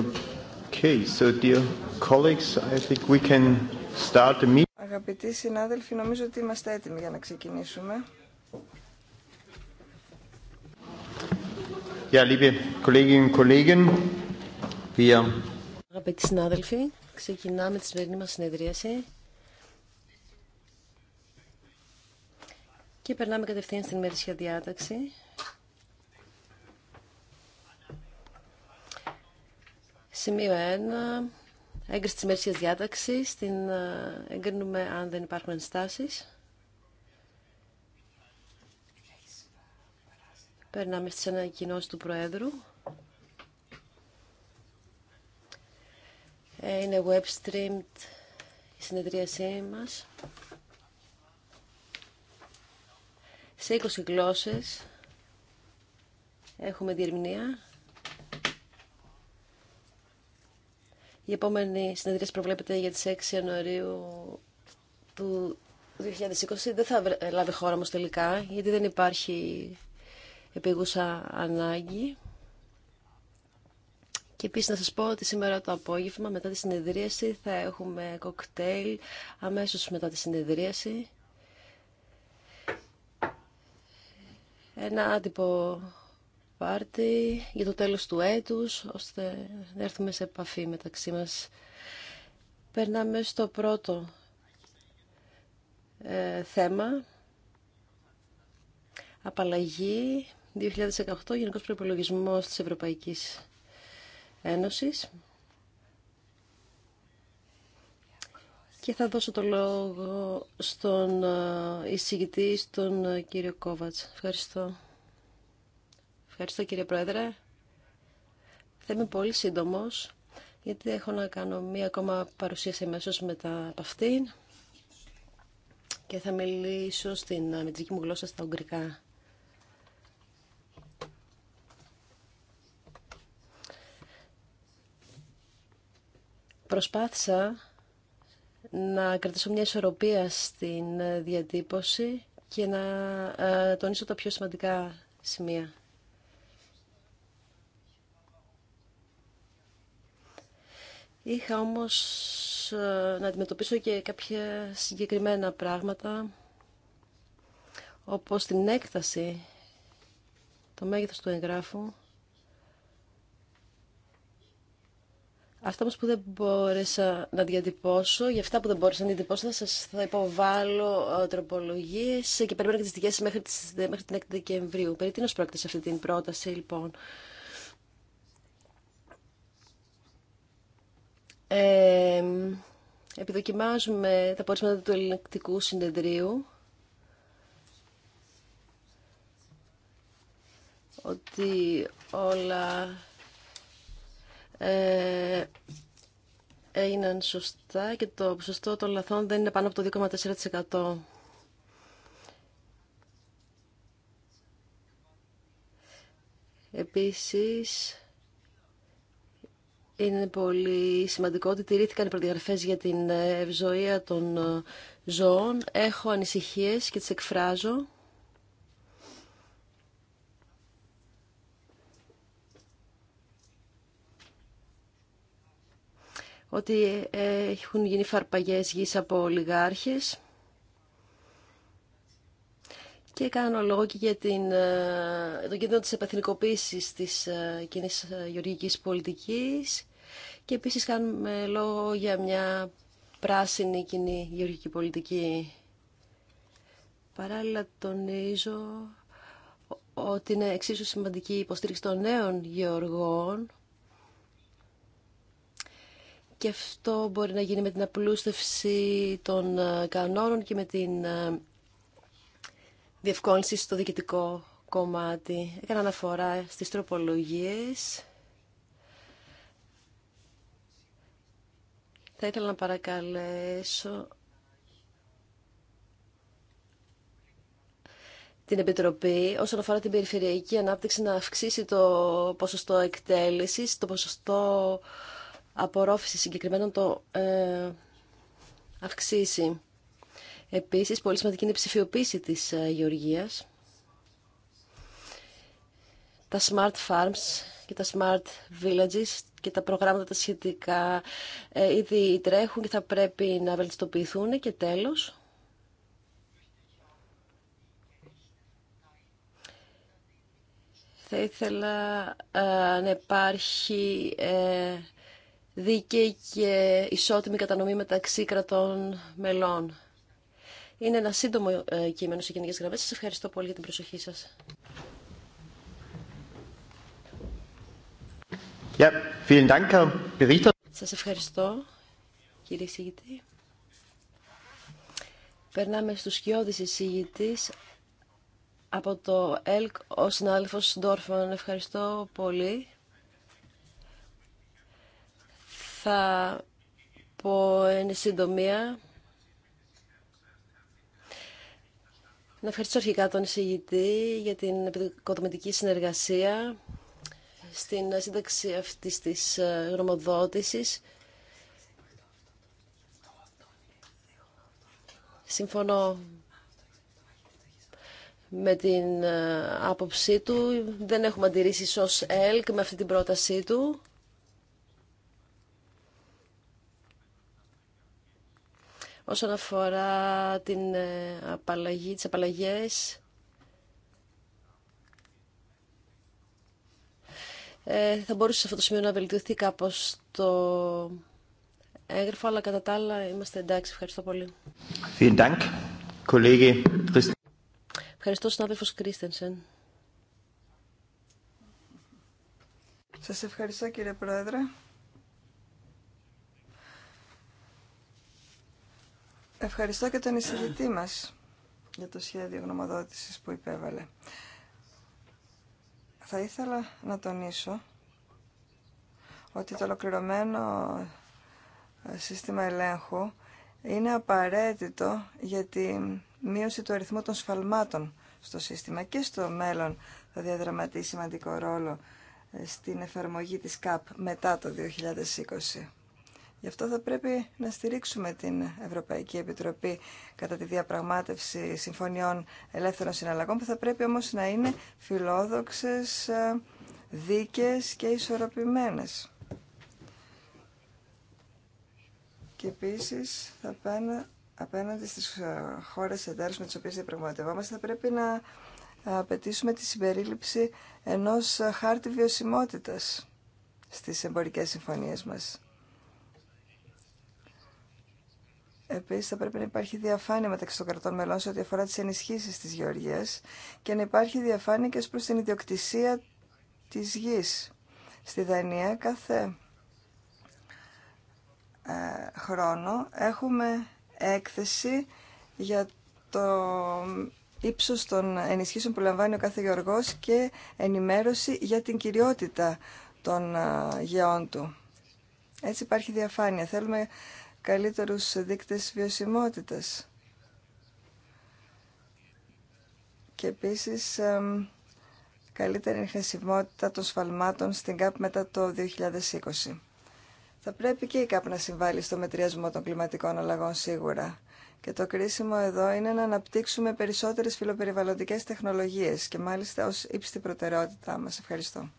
Okay, so dear colleagues, I think we can start the meeting. Αγαπητοί συνάδελφοι, νομίζω ότι είμαστε έτοιμοι για να ξεκινήσουμε. Ja, liebe Kolleginnen und Kollegen, wir... Αγαπητοί συνάδελφοι, ξεκινάμε τη σημερινή μας συνεδρίαση. Και περνάμε κατευθείαν στην ημερήσια διάταξη. Σημείο 1. Έγκριση της μερικής διάταξης. Την ε, εγκρίνουμε αν δεν υπάρχουν ενστάσεις. Περνάμε στις ανακοινώσεις του Προέδρου. Ε, είναι web streamed η συνεδρίασή μας. Σε 20 γλώσσες έχουμε διερμηνία. Η επόμενη συνεδρία προβλέπεται για τις 6 Ιανουαρίου του 2020. Δεν θα λάβει χώρα όμως τελικά, γιατί δεν υπάρχει επίγουσα ανάγκη. Και επίσης να σας πω ότι σήμερα το απόγευμα μετά τη συνεδρίαση θα έχουμε κοκτέιλ αμέσως μετά τη συνεδρίαση. Ένα άτυπο για το τέλος του έτους, ώστε να έρθουμε σε επαφή μεταξύ μας. Περνάμε στο πρώτο ε, θέμα. Απαλλαγή 2018, Γενικός Προϋπολογισμός της Ευρωπαϊκής Ένωσης. Και θα δώσω το λόγο στον ε, εισηγητή, στον ε, κύριο Κόβατς. Ευχαριστώ. Ευχαριστώ κύριε Πρόεδρε. Θα είμαι πολύ σύντομος, γιατί έχω να κάνω μία ακόμα παρουσίαση μέσω μετά από αυτήν και θα μιλήσω στην μετρική μου γλώσσα στα Ουγγρικά. Προσπάθησα να κρατήσω μια ισορροπία στην διατύπωση και να ε, τονίσω τα πιο σημαντικά σημεία. Είχα όμως ε, να αντιμετωπίσω και κάποια συγκεκριμένα πράγματα, όπως την έκταση, το μέγεθος του εγγράφου. Αυτά όμως που δεν μπόρεσα να διατυπώσω, για αυτά που δεν μπόρεσα να διατυπώσω, θα σας θα υποβάλω ε, τροπολογίες και περιμένω και τις δικές μέχρι, τις, μέχρι την 6 Δεκεμβρίου. Περί τίνος πρόκειται σε αυτή την πρόταση, λοιπόν. Ε, επιδοκιμάζουμε τα πόρισματα του ελληνικτικού συνεδρίου ότι όλα ε, έγιναν σωστά και το ποσοστό των λαθών δεν είναι πάνω από το 2,4%. Επίσης, είναι πολύ σημαντικό ότι τηρήθηκαν οι προδιαγραφές για την ευζοία των ζώων. Έχω ανησυχίες και τις εκφράζω. Ότι έχουν γίνει φαρπαγές γης από ολιγάρχες και κάνω λόγο και για την, ε, τον κίνδυνο της επαθηνικοποίησης της ε, κοινή ε, γεωργικής πολιτικής και επίσης κάνουμε λόγο για μια πράσινη κοινή γεωργική πολιτική. Παράλληλα τονίζω ότι είναι εξίσου σημαντική η υποστήριξη των νέων γεωργών και αυτό μπορεί να γίνει με την απλούστευση των κανόνων και με την διευκόλυνση στο διοικητικό κομμάτι. Έκανα αναφορά στις τροπολογίες. Θα ήθελα να παρακαλέσω την Επιτροπή όσον αφορά την περιφερειακή ανάπτυξη να αυξήσει το ποσοστό εκτέλεσης, το ποσοστό απορρόφησης συγκεκριμένων το ε, αυξήσει. Επίσης, πολύ σημαντική είναι η ψηφιοποίηση της ε, γεωργίας. Τα smart farms και τα smart villages και τα προγράμματα τα σχετικά ε, ήδη τρέχουν και θα πρέπει να βελτιστοποιηθούν. Και τέλος, θα ήθελα ε, να υπάρχει δίκαιη και ισότιμη κατανομή μεταξύ κρατών μελών. Είναι ένα σύντομο ε, κείμενο σε γενικές γραμμές. Σας ευχαριστώ πολύ για την προσοχή σας. Yeah, Σας ευχαριστώ, κύριε εισηγητή. Περνάμε στους σκιώδεις εισηγητής από το ΕΛΚ, ο συνάδελφος Ντόρφμαν. Ευχαριστώ πολύ. Θα πω εν συντομία Να ευχαριστήσω αρχικά τον εισηγητή για την επικοδομητική συνεργασία στην σύνταξη αυτής της ε, γνωμοδότησης. Συμφωνώ με την ε, άποψή του. Δεν έχουμε αντιρρήσεις ως ΕΛΚ με αυτή την πρότασή του. Όσον αφορά την ε, απαλλαγή, τις απαλλαγές, ε, θα μπορούσε σε αυτό το σημείο να βελτιωθεί κάπως το έγγραφο, αλλά κατά τα άλλα είμαστε εντάξει. Ευχαριστώ πολύ. Ευχαριστώ, συνάδελφος Κρίστενσεν. Σας ευχαριστώ κύριε Πρόεδρε. Ευχαριστώ και τον εισηγητή μας για το σχέδιο γνωμοδότησης που υπέβαλε. Θα ήθελα να τονίσω ότι το ολοκληρωμένο ε, σύστημα ελέγχου είναι απαραίτητο για τη μείωση του αριθμού των σφαλμάτων στο σύστημα και στο μέλλον θα διαδραματίσει σημαντικό ρόλο ε, στην εφαρμογή της ΚΑΠ μετά το 2020. Γι' αυτό θα πρέπει να στηρίξουμε την Ευρωπαϊκή Επιτροπή κατά τη διαπραγμάτευση συμφωνιών ελεύθερων συναλλαγών που θα πρέπει όμως να είναι φιλόδοξες, ε, δίκες και ισορροπημένες. Και επίσης θα πάνε απέναντι στις ε, χώρες εντάρρους με τις οποίες διαπραγματευόμαστε θα πρέπει να απαιτήσουμε τη συμπερίληψη ενός χάρτη βιωσιμότητας στις εμπορικές συμφωνίες μας. Επίση θα πρέπει να υπάρχει διαφάνεια μεταξύ των κρατών μελών σε ό,τι αφορά τι ενισχύσει τη γεωργία και να υπάρχει διαφάνεια και προ την ιδιοκτησία τη γη. Στη Δανία κάθε ε, χρόνο έχουμε έκθεση για το ύψος των ενισχύσεων που λαμβάνει ο κάθε γεωργός και ενημέρωση για την κυριότητα των ε, γεών του. Έτσι υπάρχει διαφάνεια. Θέλουμε καλύτερους δείκτες βιωσιμότητας. Και επίσης καλύτερη χρησιμότητα των σφαλμάτων στην ΚΑΠ μετά το 2020. Θα πρέπει και η ΚΑΠ να συμβάλλει στο μετριασμό των κλιματικών αλλαγών σίγουρα. Και το κρίσιμο εδώ είναι να αναπτύξουμε περισσότερες φιλοπεριβαλλοντικές τεχνολογίες και μάλιστα ως ύψητη προτεραιότητά μας. Ευχαριστώ.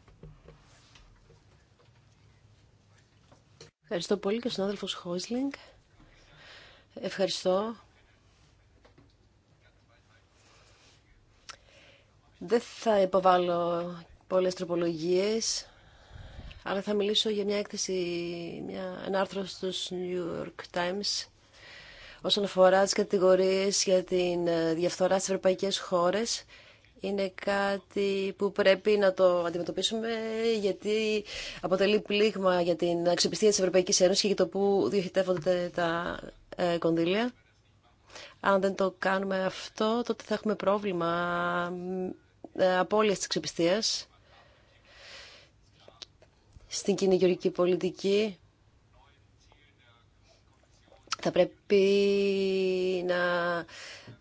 Ευχαριστώ πολύ και ο συνάδελφος Χόισλινγκ. Ευχαριστώ. Δεν θα υποβάλω πολλές τροπολογίες, αλλά θα μιλήσω για μια έκθεση, μια, ένα άρθρο New York Times όσον αφορά τις κατηγορίες για την ε, διαφθορά στις ευρωπαϊκές χώρες είναι κάτι που πρέπει να το αντιμετωπίσουμε γιατί αποτελεί πλήγμα για την αξιοπιστία της Ευρωπαϊκής Ένωσης και για το που διοχετεύονται τα ε, κονδύλια. Αν δεν το κάνουμε αυτό, τότε θα έχουμε πρόβλημα ε, απώλειας της αξιοπιστίας στην κοινή πολιτική. Θα πρέπει να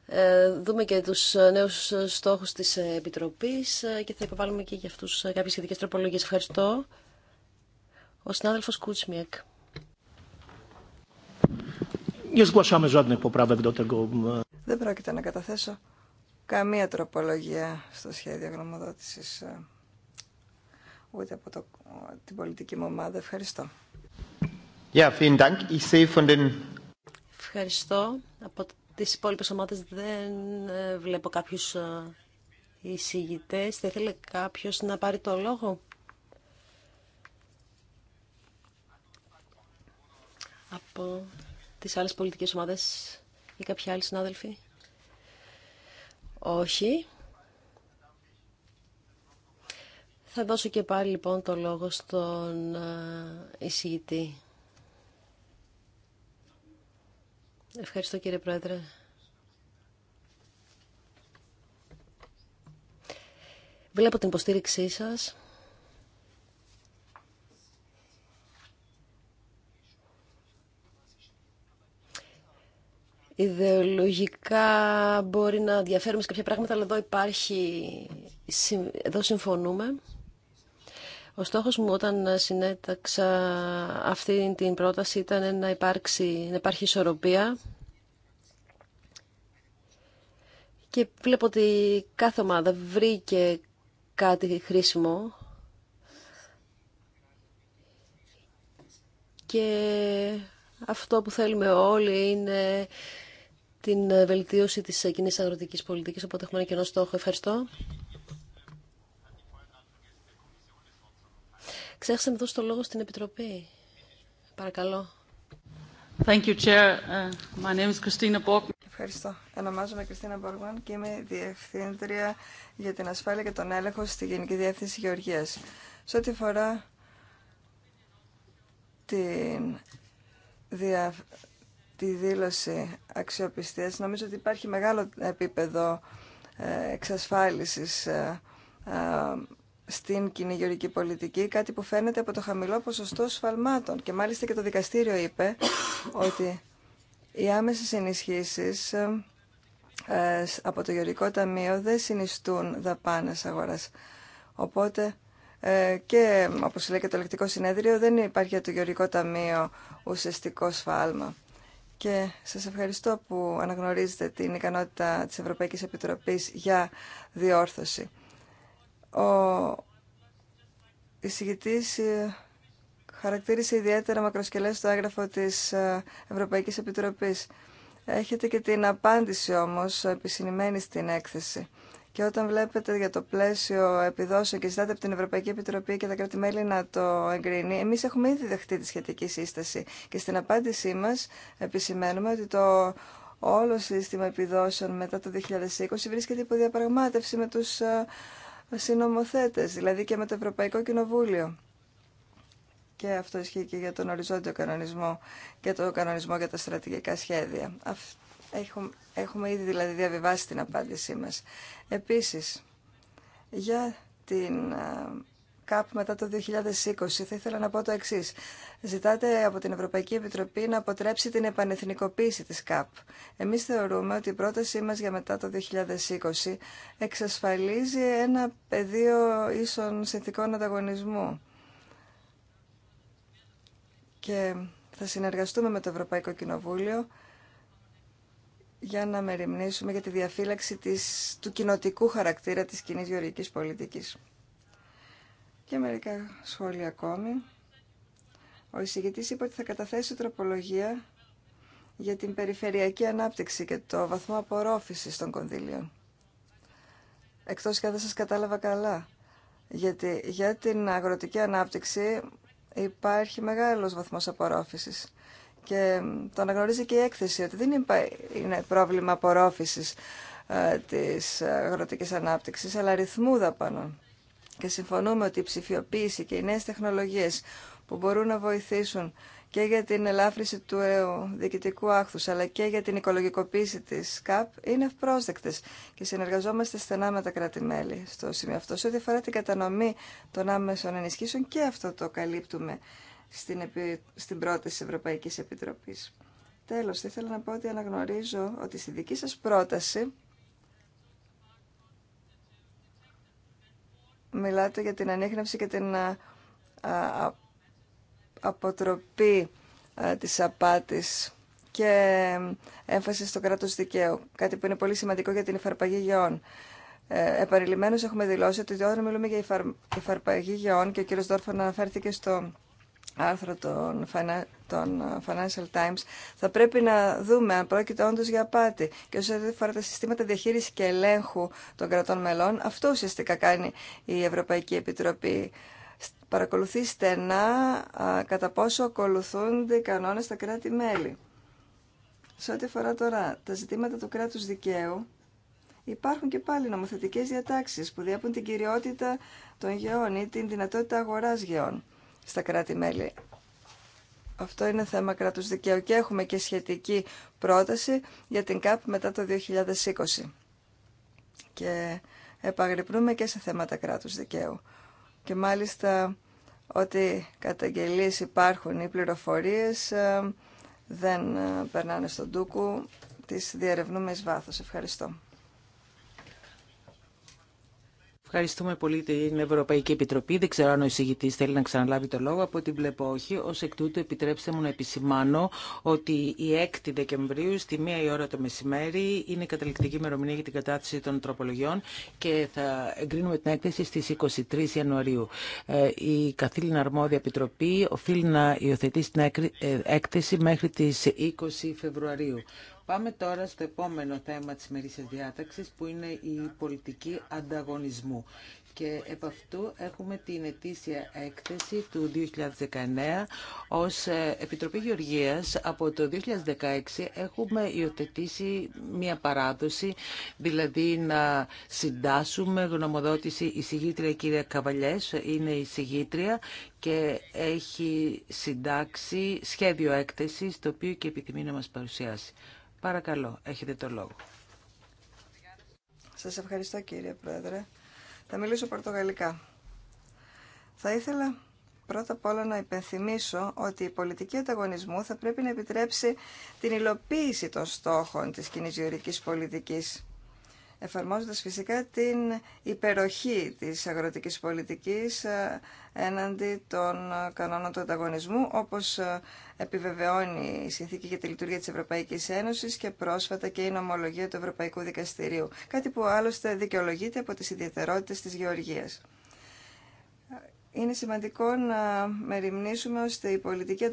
ε, δούμε και τους νέους στόχους της Επιτροπής ε, και θα υποβάλουμε και για αυτούς ε, κάποιες σχετικέ τροπολογίες. Ευχαριστώ. Ο συνάδελφος Κούτσμιεκ. Δεν πρόκειται να καταθέσω καμία τροπολογία στο σχέδιο γνωμοδότησης ούτε από το, την πολιτική μου ομάδα. Ευχαριστώ. Ευχαριστώ. Από τις υπόλοιπες ομάδες δεν ε, βλέπω κάποιους ε, εισηγητές. Θα ήθελε κάποιος να πάρει το λόγο. Από τις άλλες πολιτικές ομάδες ή κάποιοι άλλοι συνάδελφοι. Όχι. Θα δώσω και πάλι λοιπόν το λόγο στον ε, εισηγητή. Ευχαριστώ κύριε Πρόεδρε. Βλέπω την υποστήριξή σας. Ιδεολογικά μπορεί να διαφέρουμε σε κάποια πράγματα, αλλά εδώ υπάρχει, εδώ συμφωνούμε. Ο στόχος μου όταν συνέταξα αυτή την πρόταση ήταν να, υπάρξει, να υπάρχει ισορροπία και βλέπω ότι κάθε ομάδα βρήκε κάτι χρήσιμο και αυτό που θέλουμε όλοι είναι την βελτίωση της κοινή αγροτικής πολιτικής, οπότε έχουμε ένα κοινό στόχο. Ευχαριστώ. Ξέχασα να δώσω το λόγο στην Επιτροπή. Παρακαλώ. Thank you, Chair. Uh, my name is Christina Ευχαριστώ. Ονομάζομαι Κριστίνα Μπόργμαν και είμαι Διευθύντρια για την Ασφάλεια και τον Έλεγχο στη Γενική Διεύθυνση Γεωργίας. Σε ό,τι αφορά την τη δήλωση αξιοπιστίας, νομίζω ότι υπάρχει μεγάλο επίπεδο ε, εξασφάλισης ε, ε, στην κοινή πολιτική, κάτι που φαίνεται από το χαμηλό ποσοστό σφαλμάτων. Και μάλιστα και το δικαστήριο είπε ότι οι άμεσες ενισχύσεις ε, από το γεωρικό Ταμείο δεν συνιστούν δαπάνες αγοράς. Οπότε ε, και, όπως λέει και το Ελεκτικό Συνέδριο, δεν υπάρχει για το γεωρικό Ταμείο ουσιαστικό σφάλμα. Και σας ευχαριστώ που αναγνωρίζετε την ικανότητα της Ευρωπαϊκής Επιτροπής για διόρθωση. Ο εισηγητής ε, χαρακτήρισε ιδιαίτερα μακροσκελές το έγγραφο της ε, Ευρωπαϊκής Επιτροπής. Έχετε και την απάντηση όμως επισυνημένη στην έκθεση. Και όταν βλέπετε για το πλαίσιο επιδόσεων και ζητάτε από την Ευρωπαϊκή Επιτροπή και τα κράτη-μέλη να το εγκρίνει, εμεί έχουμε ήδη δεχτεί τη σχετική σύσταση. Και στην απάντησή μα επισημαίνουμε ότι το όλο σύστημα επιδόσεων μετά το 2020 βρίσκεται υπό διαπραγμάτευση με του ε, συνομοθέτες, δηλαδή και με το Ευρωπαϊκό Κοινοβούλιο. Και αυτό ισχύει και για τον οριζόντιο κανονισμό και το κανονισμό για τα στρατηγικά σχέδια. Έχουμε, έχουμε ήδη δηλαδή διαβιβάσει την απάντησή μας. Επίσης, για την ΚΑΠ μετά το 2020. Θα ήθελα να πω το εξή. Ζητάτε από την Ευρωπαϊκή Επιτροπή να αποτρέψει την επανεθνικοποίηση της ΚΑΠ. Εμείς θεωρούμε ότι η πρότασή μας για μετά το 2020 εξασφαλίζει ένα πεδίο ίσων συνθηκών ανταγωνισμού. Και θα συνεργαστούμε με το Ευρωπαϊκό Κοινοβούλιο για να μεριμνήσουμε για τη διαφύλαξη του κοινοτικού χαρακτήρα της κοινή γεωργικής πολιτικής. Και μερικά σχόλια ακόμη. Ο εισηγητής είπε ότι θα καταθέσει τροπολογία για την περιφερειακή ανάπτυξη και το βαθμό απορρόφησης των κονδύλιων. Εκτός και αν δεν σας κατάλαβα καλά. Γιατί για την αγροτική ανάπτυξη υπάρχει μεγάλος βαθμός απορρόφησης. Και το αναγνωρίζει και η έκθεση ότι δεν είναι πρόβλημα απορρόφησης ε, της αγροτικής ανάπτυξης, αλλά ρυθμού δαπανών και συμφωνούμε ότι η ψηφιοποίηση και οι νέες τεχνολογίες που μπορούν να βοηθήσουν και για την ελάφρυση του διοικητικού άχθους αλλά και για την οικολογικοποίηση της ΚΑΠ είναι ευπρόσδεκτες και συνεργαζόμαστε στενά με τα κράτη-μέλη στο σημείο αυτό. Σε ό,τι αφορά την κατανομή των άμεσων ενισχύσεων και αυτό το καλύπτουμε στην, στην πρόταση της Ευρωπαϊκής Επιτροπής. Τέλος, ήθελα να πω ότι αναγνωρίζω ότι στη δική σας πρόταση μιλάτε για την ανείχνευση και την αποτροπή της απάτης και έμφαση στο κράτος δικαίου, κάτι που είναι πολύ σημαντικό για την υφαρπαγή γεών. Ε, έχουμε δηλώσει ότι όταν μιλούμε για υφαρ, υφαρπαγή γεών και ο κύριος Δόρφων αναφέρθηκε στο άρθρο των, ε, Financial Times, θα πρέπει να δούμε αν πρόκειται όντω για απάτη. Και όσο αφορά τα συστήματα διαχείριση και ελέγχου των κρατών μελών, αυτό ουσιαστικά κάνει η Ευρωπαϊκή Επιτροπή. Παρακολουθεί στενά κατά πόσο ακολουθούνται οι κανόνε στα κράτη-μέλη. Σε ό,τι αφορά τώρα τα ζητήματα του κράτου δικαίου, υπάρχουν και πάλι νομοθετικέ διατάξει που διέπουν την κυριότητα των γεών ή την δυνατότητα αγορά γεών στα κράτη-μέλη. Αυτό είναι θέμα κράτους δικαίου και έχουμε και σχετική πρόταση για την ΚΑΠ μετά το 2020. Και επαγρυπνούμε και σε θέματα κράτους δικαίου. Και μάλιστα ότι καταγγελίες υπάρχουν ή πληροφορίες ε, δεν ε, περνάνε στον τούκου, τις διερευνούμε εις βάθος. Ευχαριστώ. Ευχαριστούμε πολύ την Ευρωπαϊκή Επιτροπή. Δεν ξέρω αν ο εισηγητή θέλει να ξαναλάβει το λόγο. Από ό,τι βλέπω όχι. Ω εκ τούτου, επιτρέψτε μου να επισημάνω ότι η 6η Δεκεμβρίου στη 1 η ώρα το μεσημέρι είναι η καταληκτική ημερομηνία για την κατάθεση των τροπολογιών και θα εγκρίνουμε την έκθεση στι 23 Ιανουαρίου. Ε, η καθήλυνα αρμόδια επιτροπή οφείλει να υιοθετήσει την ε, έκθεση μέχρι τι 20 Φεβρουαρίου. Πάμε τώρα στο επόμενο θέμα της μερίσιας διάταξης που είναι η πολιτική ανταγωνισμού. Και επ' αυτού έχουμε την ετήσια έκθεση του 2019. Ως ε, Επιτροπή Γεωργίας από το 2016 έχουμε υιοθετήσει μια παράδοση, δηλαδή να συντάσουμε γνωμοδότηση η συγγήτρια κυρία Καβαλιές, είναι η συγγήτρια και έχει συντάξει σχέδιο έκθεσης το οποίο και επιθυμεί να μας παρουσιάσει. Παρακαλώ, έχετε το λόγο. Σας ευχαριστώ κύριε Πρόεδρε. Θα μιλήσω πορτογαλικά. Θα ήθελα πρώτα απ' όλα να υπενθυμίσω ότι η πολιτική ανταγωνισμού θα πρέπει να επιτρέψει την υλοποίηση των στόχων της κοινής πολιτικής εφαρμόζοντας φυσικά την υπεροχή της αγροτικής πολιτικής ε, έναντι των κανόνων του ανταγωνισμού, όπως ε, επιβεβαιώνει η Συνθήκη για τη Λειτουργία της Ευρωπαϊκής Ένωσης και πρόσφατα και η νομολογία του Ευρωπαϊκού Δικαστηρίου, κάτι που άλλωστε δικαιολογείται από τις ιδιαιτερότητες της γεωργίας. Είναι σημαντικό να μεριμνήσουμε ώστε η πολιτική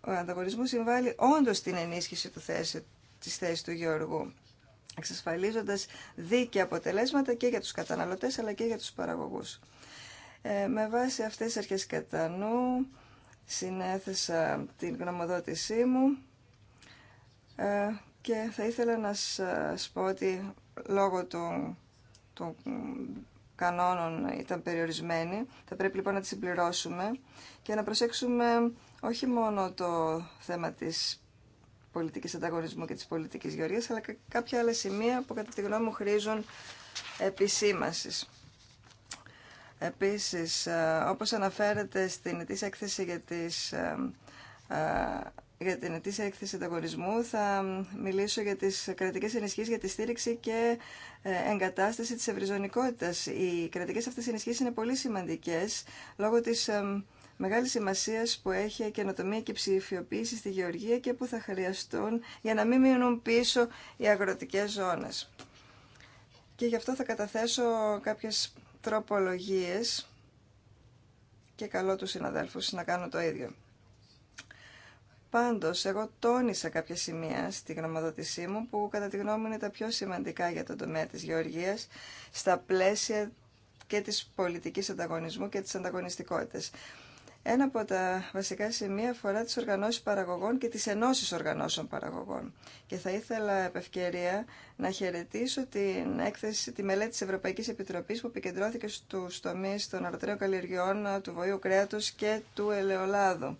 ανταγωνισμού συμβάλλει όντως την ενίσχυση του θέση, της θέσης του Γεωργού εξασφαλίζοντας δίκαια αποτελέσματα και για τους καταναλωτές αλλά και για τους παραγωγούς. Ε, με βάση αυτές τις αρχές κατά νου, συνέθεσα την γνωμοδότησή μου ε, και θα ήθελα να σας πω ότι λόγω των, κανόνων ήταν περιορισμένη. Θα πρέπει λοιπόν να τη συμπληρώσουμε και να προσέξουμε όχι μόνο το θέμα της Πολιτική ανταγωνισμού και τη πολιτική γεωργίας, αλλά και κάποια άλλα σημεία που κατά τη γνώμη μου χρήζουν επισήμασης. Επίσης, ε, όπως αναφέρεται στην ετήσια έκθεση ε, ε, για, την ετήσια έκθεση ανταγωνισμού, θα μιλήσω για τις κρατικές ενισχύσεις για τη στήριξη και εγκατάσταση της ευρυζωνικότητας. Οι κρατικές αυτές ενισχύσεις είναι πολύ σημαντικές λόγω της μεγάλη σημασία που έχει η καινοτομία και η ψηφιοποίηση στη γεωργία και που θα χρειαστούν για να μην μείνουν πίσω οι αγροτικές ζώνες. Και γι' αυτό θα καταθέσω κάποιες τροπολογίες και καλώ τους συναδέλφους να κάνουν το ίδιο. Πάντως, εγώ τόνισα κάποια σημεία στη γνωμοδότησή μου που κατά τη γνώμη μου είναι τα πιο σημαντικά για τον τομέα της γεωργίας στα πλαίσια και της πολιτικής ανταγωνισμού και της ανταγωνιστικότητας. Ένα από τα βασικά σημεία αφορά τις οργανώσεις παραγωγών και τις ενώσεις οργανώσεων παραγωγών. Και θα ήθελα επ' ευκαιρία να χαιρετήσω την έκθεση, τη μελέτη της Ευρωπαϊκής Επιτροπής που επικεντρώθηκε στους τομείς των αρτρέων καλλιεργειών, του βοήου κρέατος και του ελαιολάδου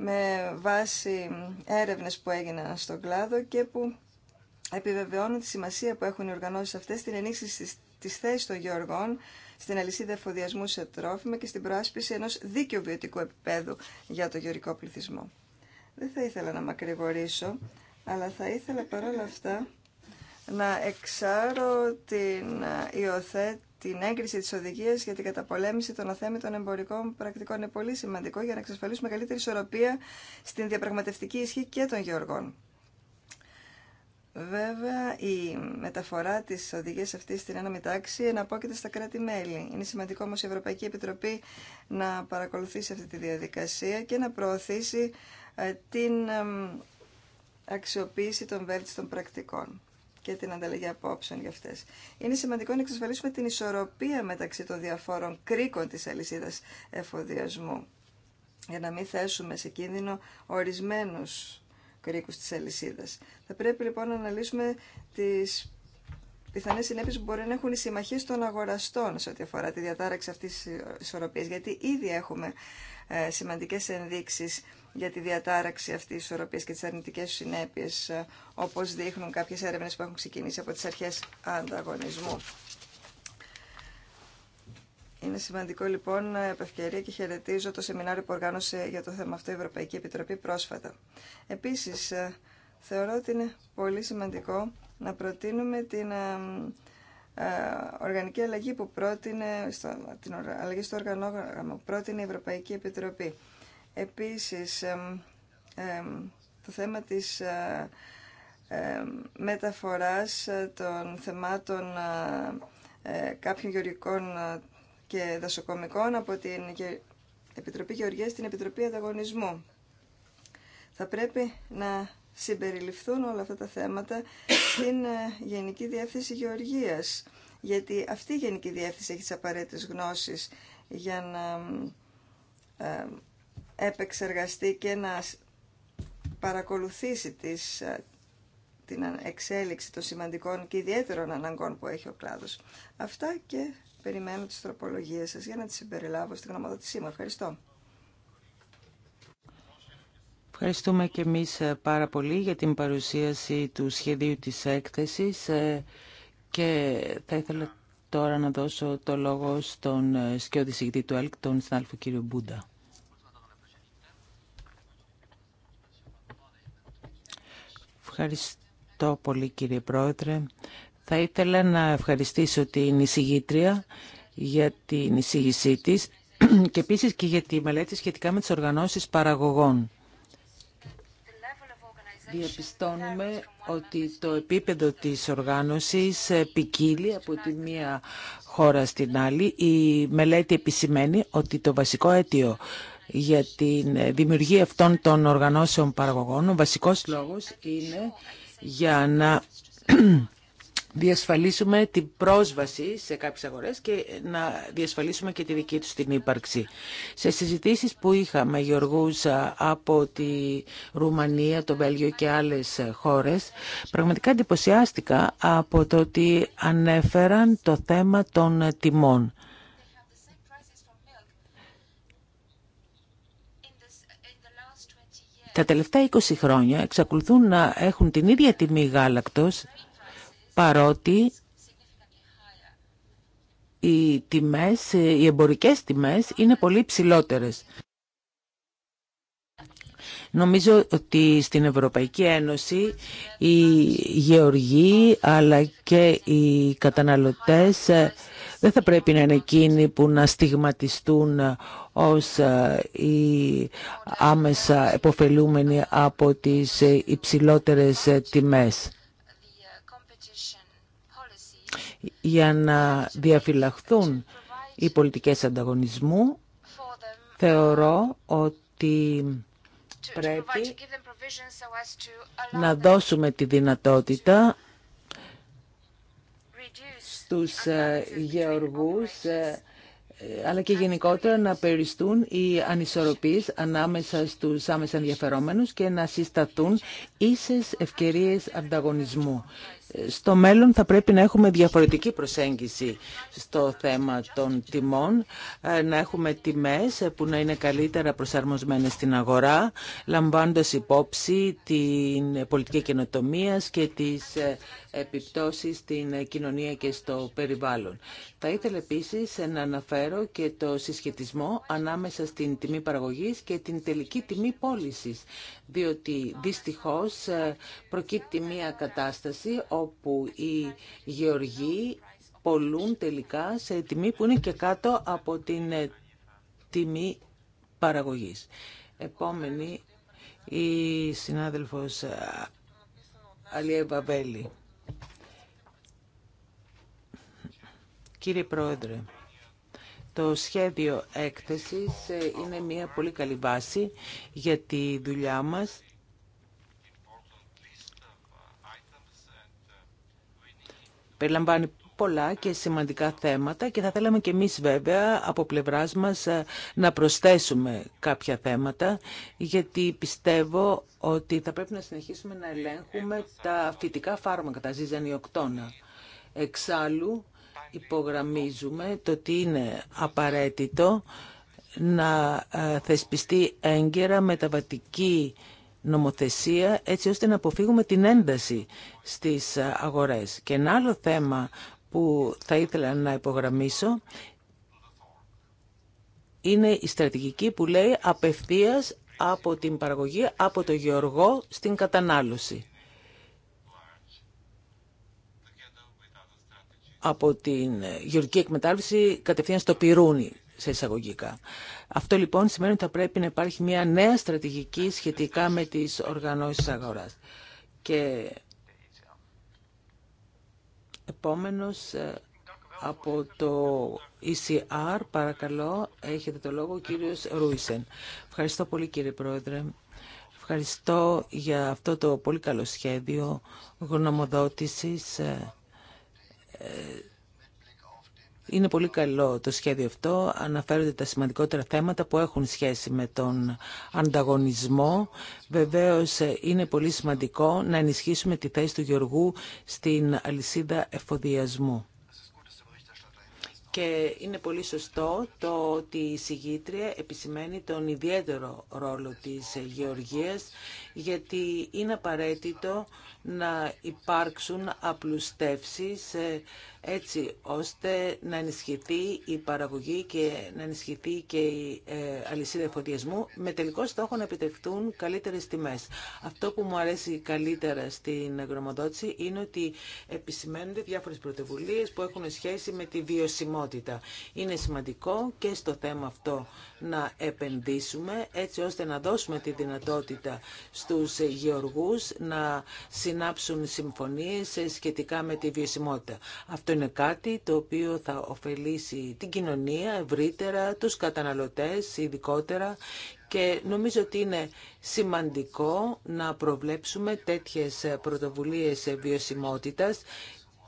με βάση έρευνες που έγιναν στον κλάδο και που επιβεβαιώνουν τη σημασία που έχουν οι οργανώσεις αυτές στην ενίσχυση της θέσης των γεωργών στην αλυσίδα εφοδιασμού σε τρόφιμα και στην προάσπιση ενός δίκαιου βιωτικού επίπεδου για το γεωρικό πληθυσμό. Δεν θα ήθελα να μακρηγορήσω, αλλά θα ήθελα παρόλα αυτά να εξάρω την ε, υιοθέτηση την έγκριση τη οδηγία για την καταπολέμηση των αθέμητων εμπορικών πρακτικών είναι πολύ σημαντικό για να εξασφαλίσουμε καλύτερη ισορροπία στην διαπραγματευτική ισχύ και των γεωργών. Βέβαια, η μεταφορά τη οδηγία αυτή στην ένωμη τάξη εναπόκειται στα κράτη-μέλη. Είναι σημαντικό όμω η Ευρωπαϊκή Επιτροπή να παρακολουθήσει αυτή τη διαδικασία και να προωθήσει ε, την αξιοποίηση των βέλτιστων πρακτικών και την ανταλλαγή απόψεων για αυτέ. Είναι σημαντικό να εξασφαλίσουμε την ισορροπία μεταξύ των διαφόρων κρίκων τη αλυσίδα εφοδιασμού για να μην θέσουμε σε κίνδυνο ορισμένους κρίκους της Θα πρέπει λοιπόν να αναλύσουμε τις πιθανές συνέπειες που μπορεί να έχουν οι συμμαχίες των αγοραστών σε ό,τι αφορά τη διατάραξη αυτής της ισορροπίας, γιατί ήδη έχουμε ε, σημαντικές ενδείξεις για τη διατάραξη αυτή τη ισορροπία και τι αρνητικέ συνέπειε, ε, όπω δείχνουν κάποιε έρευνε που έχουν ξεκινήσει από τι αρχέ ανταγωνισμού. Είναι σημαντικό λοιπόν επ' ευκαιρία και χαιρετίζω το σεμινάριο που οργάνωσε για το θέμα αυτό η Ευρωπαϊκή Επιτροπή πρόσφατα. Επίσης, ε, θεωρώ ότι είναι πολύ σημαντικό να προτείνουμε την ε, ε, οργανική αλλαγή που πρότεινε, στο, την αλλαγή στο οργανόγραμμα που πρότεινε η Ευρωπαϊκή Επιτροπή. Επίσης, το θέμα της μεταφοράς των θεμάτων κάποιων γεωργικών και δασοκομικών από την Επιτροπή Γεωργίας στην Επιτροπή Ανταγωνισμού. Θα πρέπει να συμπεριληφθούν όλα αυτά τα θέματα στην ε, Γενική Διεύθυνση Γεωργίας, γιατί αυτή η Γενική Διεύθυνση έχει τις απαραίτητες γνώσεις για να ε, επεξεργαστεί και να παρακολουθήσει τις, ε, την εξέλιξη των σημαντικών και ιδιαίτερων αναγκών που έχει ο κλάδος. Αυτά και περιμένω τις τροπολογίες σας για να τις συμπεριλάβω στην γνωμοδότησή μου. Ευχαριστώ. Ευχαριστούμε και εμείς ε, πάρα πολύ για την παρουσίαση του σχεδίου της έκθεσης ε, και θα ήθελα τώρα να δώσω το λόγο στον ε, σκιώδη συγκτή του ΕΛΚ, τον συνάδελφο κύριο Μπούντα. Ευχαριστώ πολύ κύριε Πρόεδρε. Θα ήθελα να ευχαριστήσω την εισηγήτρια για την εισήγησή της και επίσης και για τη μελέτη σχετικά με τις οργανώσεις παραγωγών. Διαπιστώνουμε ότι το επίπεδο της οργάνωσης ποικίλει από τη μία χώρα στην άλλη. Η μελέτη επισημαίνει ότι το βασικό αίτιο για τη δημιουργία αυτών των οργανώσεων παραγωγών, ο βασικός λόγος είναι για να διασφαλίσουμε την πρόσβαση σε κάποιες αγορές και να διασφαλίσουμε και τη δική τους την ύπαρξη. Σε συζητήσεις που είχα με γεωργούς από τη Ρουμανία, το Βέλγιο και άλλες χώρες, πραγματικά εντυπωσιάστηκα από το ότι ανέφεραν το θέμα των τιμών. Τα τελευταία 20 χρόνια εξακολουθούν να έχουν την ίδια τιμή γάλακτος παρότι οι τιμές, οι εμπορικές τιμές είναι πολύ ψηλότερες. Νομίζω ότι στην Ευρωπαϊκή Ένωση οι γεωργοί αλλά και οι καταναλωτές δεν θα πρέπει να είναι εκείνοι που να στιγματιστούν ως οι άμεσα εποφελούμενοι από τις υψηλότερες τιμές για να διαφυλαχθούν οι πολιτικές ανταγωνισμού, θεωρώ ότι πρέπει να δώσουμε τη δυνατότητα στους ε, γεωργούς ε, αλλά και γενικότερα να περιστούν οι ανισορροπείς ανάμεσα στους άμεσα ενδιαφερόμενους και να συσταθούν ίσες ευκαιρίες ανταγωνισμού στο μέλλον θα πρέπει να έχουμε διαφορετική προσέγγιση στο θέμα των τιμών, ε, να έχουμε τιμές ε, που να είναι καλύτερα προσαρμοσμένες στην αγορά, λαμβάνοντας υπόψη την πολιτική καινοτομία και τις ε, επιπτώσεις στην κοινωνία και στο περιβάλλον. Θα ήθελα επίσης να αναφέρω και το συσχετισμό ανάμεσα στην τιμή παραγωγής και την τελική τιμή πώλησης, διότι δυστυχώς ε, προκύπτει μια κατάσταση όπου οι γεωργοί πολλούν τελικά σε τιμή που είναι και κάτω από την ε, τιμή παραγωγής. Επόμενη η συνάδελφος ε, Αλίε Βαβέλη. Κύριε Πρόεδρε, το σχέδιο έκθεσης ε, είναι μια πολύ καλή βάση για τη δουλειά μας. Περιλαμβάνει πολλά και σημαντικά θέματα και θα θέλαμε και εμείς βέβαια από πλευράς μας ε, να προσθέσουμε κάποια θέματα γιατί πιστεύω ότι θα πρέπει να συνεχίσουμε να ελέγχουμε τα φυτικά φάρμακα, τα ζυζανιοκτώνα. Εξάλλου, υπογραμμίζουμε το ότι είναι απαραίτητο να ε, θεσπιστεί έγκαιρα μεταβατική νομοθεσία έτσι ώστε να αποφύγουμε την ένταση στις ε, αγορές. Και ένα άλλο θέμα που θα ήθελα να υπογραμμίσω είναι η στρατηγική που λέει απευθείας από την παραγωγή, από το γεωργό στην κατανάλωση. από την ε, γεωργική εκμετάλλευση κατευθείαν στο πυρούνι σε εισαγωγικά. Αυτό λοιπόν σημαίνει ότι θα πρέπει να υπάρχει μια νέα στρατηγική σχετικά με τις οργανώσεις αγοράς. Και επόμενος ε, από το ECR, παρακαλώ, έχετε το λόγο ο κύριος Ρούισεν. Ευχαριστώ πολύ κύριε Πρόεδρε. Ευχαριστώ για αυτό το πολύ καλό σχέδιο γνωμοδότησης ε, είναι πολύ καλό το σχέδιο αυτό. Αναφέρονται τα σημαντικότερα θέματα που έχουν σχέση με τον ανταγωνισμό. Βεβαίως είναι πολύ σημαντικό να ενισχύσουμε τη θέση του Γεωργού στην αλυσίδα εφοδιασμού. Και είναι πολύ σωστό το ότι η συγγήτρια επισημαίνει τον ιδιαίτερο ρόλο της Γεωργίας γιατί είναι απαραίτητο να υπάρξουν απλουστεύσεις ε, έτσι ώστε να ενισχυθεί η παραγωγή και να ενισχυθεί και η ε, αλυσίδα εφοδιασμού με τελικό στόχο να επιτευχθούν καλύτερες τιμές. Αυτό που μου αρέσει καλύτερα στην γνωμοδότηση είναι ότι επισημαίνονται διάφορες πρωτοβουλίες που έχουν σχέση με τη βιωσιμότητα. Είναι σημαντικό και στο θέμα αυτό να επενδύσουμε έτσι ώστε να δώσουμε τη δυνατότητα στους γεωργούς να συνάψουν συμφωνίες σχετικά με τη βιωσιμότητα. Αυτό είναι κάτι το οποίο θα ωφελήσει την κοινωνία ευρύτερα, τους καταναλωτές ειδικότερα και νομίζω ότι είναι σημαντικό να προβλέψουμε τέτοιες πρωτοβουλίες βιωσιμότητας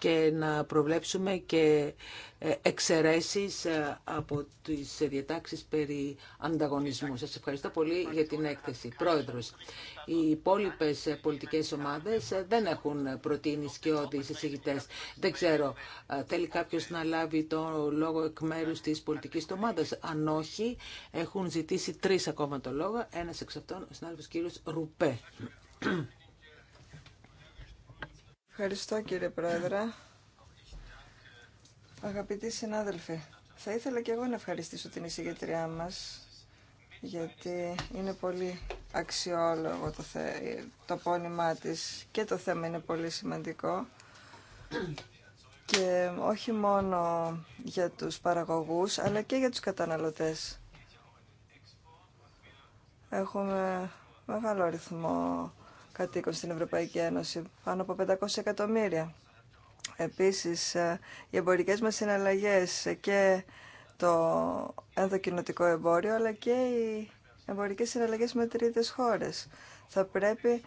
και να προβλέψουμε και ε, εξαιρέσεις ε, από τις διατάξεις περί ανταγωνισμού. Σας ευχαριστώ πολύ για την έκθεση. Πρόεδρος, οι υπόλοιπε πολιτικές ομάδες ε, δεν έχουν προτείνει σε εισηγητέ. Δεν ξέρω, θέλει κάποιος να λάβει το λόγο εκ μέρου της πολιτικής ομάδας. Αν όχι, έχουν ζητήσει τρεις ακόμα το λόγο. ένα εξ αυτών, ο συνάδελφος Ρουπέ. Ευχαριστώ κύριε Πρόεδρε. Αγαπητοί συνάδελφοι, θα ήθελα και εγώ να ευχαριστήσω την εισηγητριά μας γιατί είναι πολύ αξιόλογο το, θε... το πόνημά της και το θέμα είναι πολύ σημαντικό και όχι μόνο για τους παραγωγούς αλλά και για τους καταναλωτές. Έχουμε μεγάλο αριθμό κατοίκων στην Ευρωπαϊκή Ένωση, πάνω από 500 εκατομμύρια. Επίσης, ε, οι εμπορικέ μας συναλλαγές και το ενδοκινοτικό εμπόριο, αλλά και οι εμπορικές συναλλαγές με τρίτες χώρες. Θα πρέπει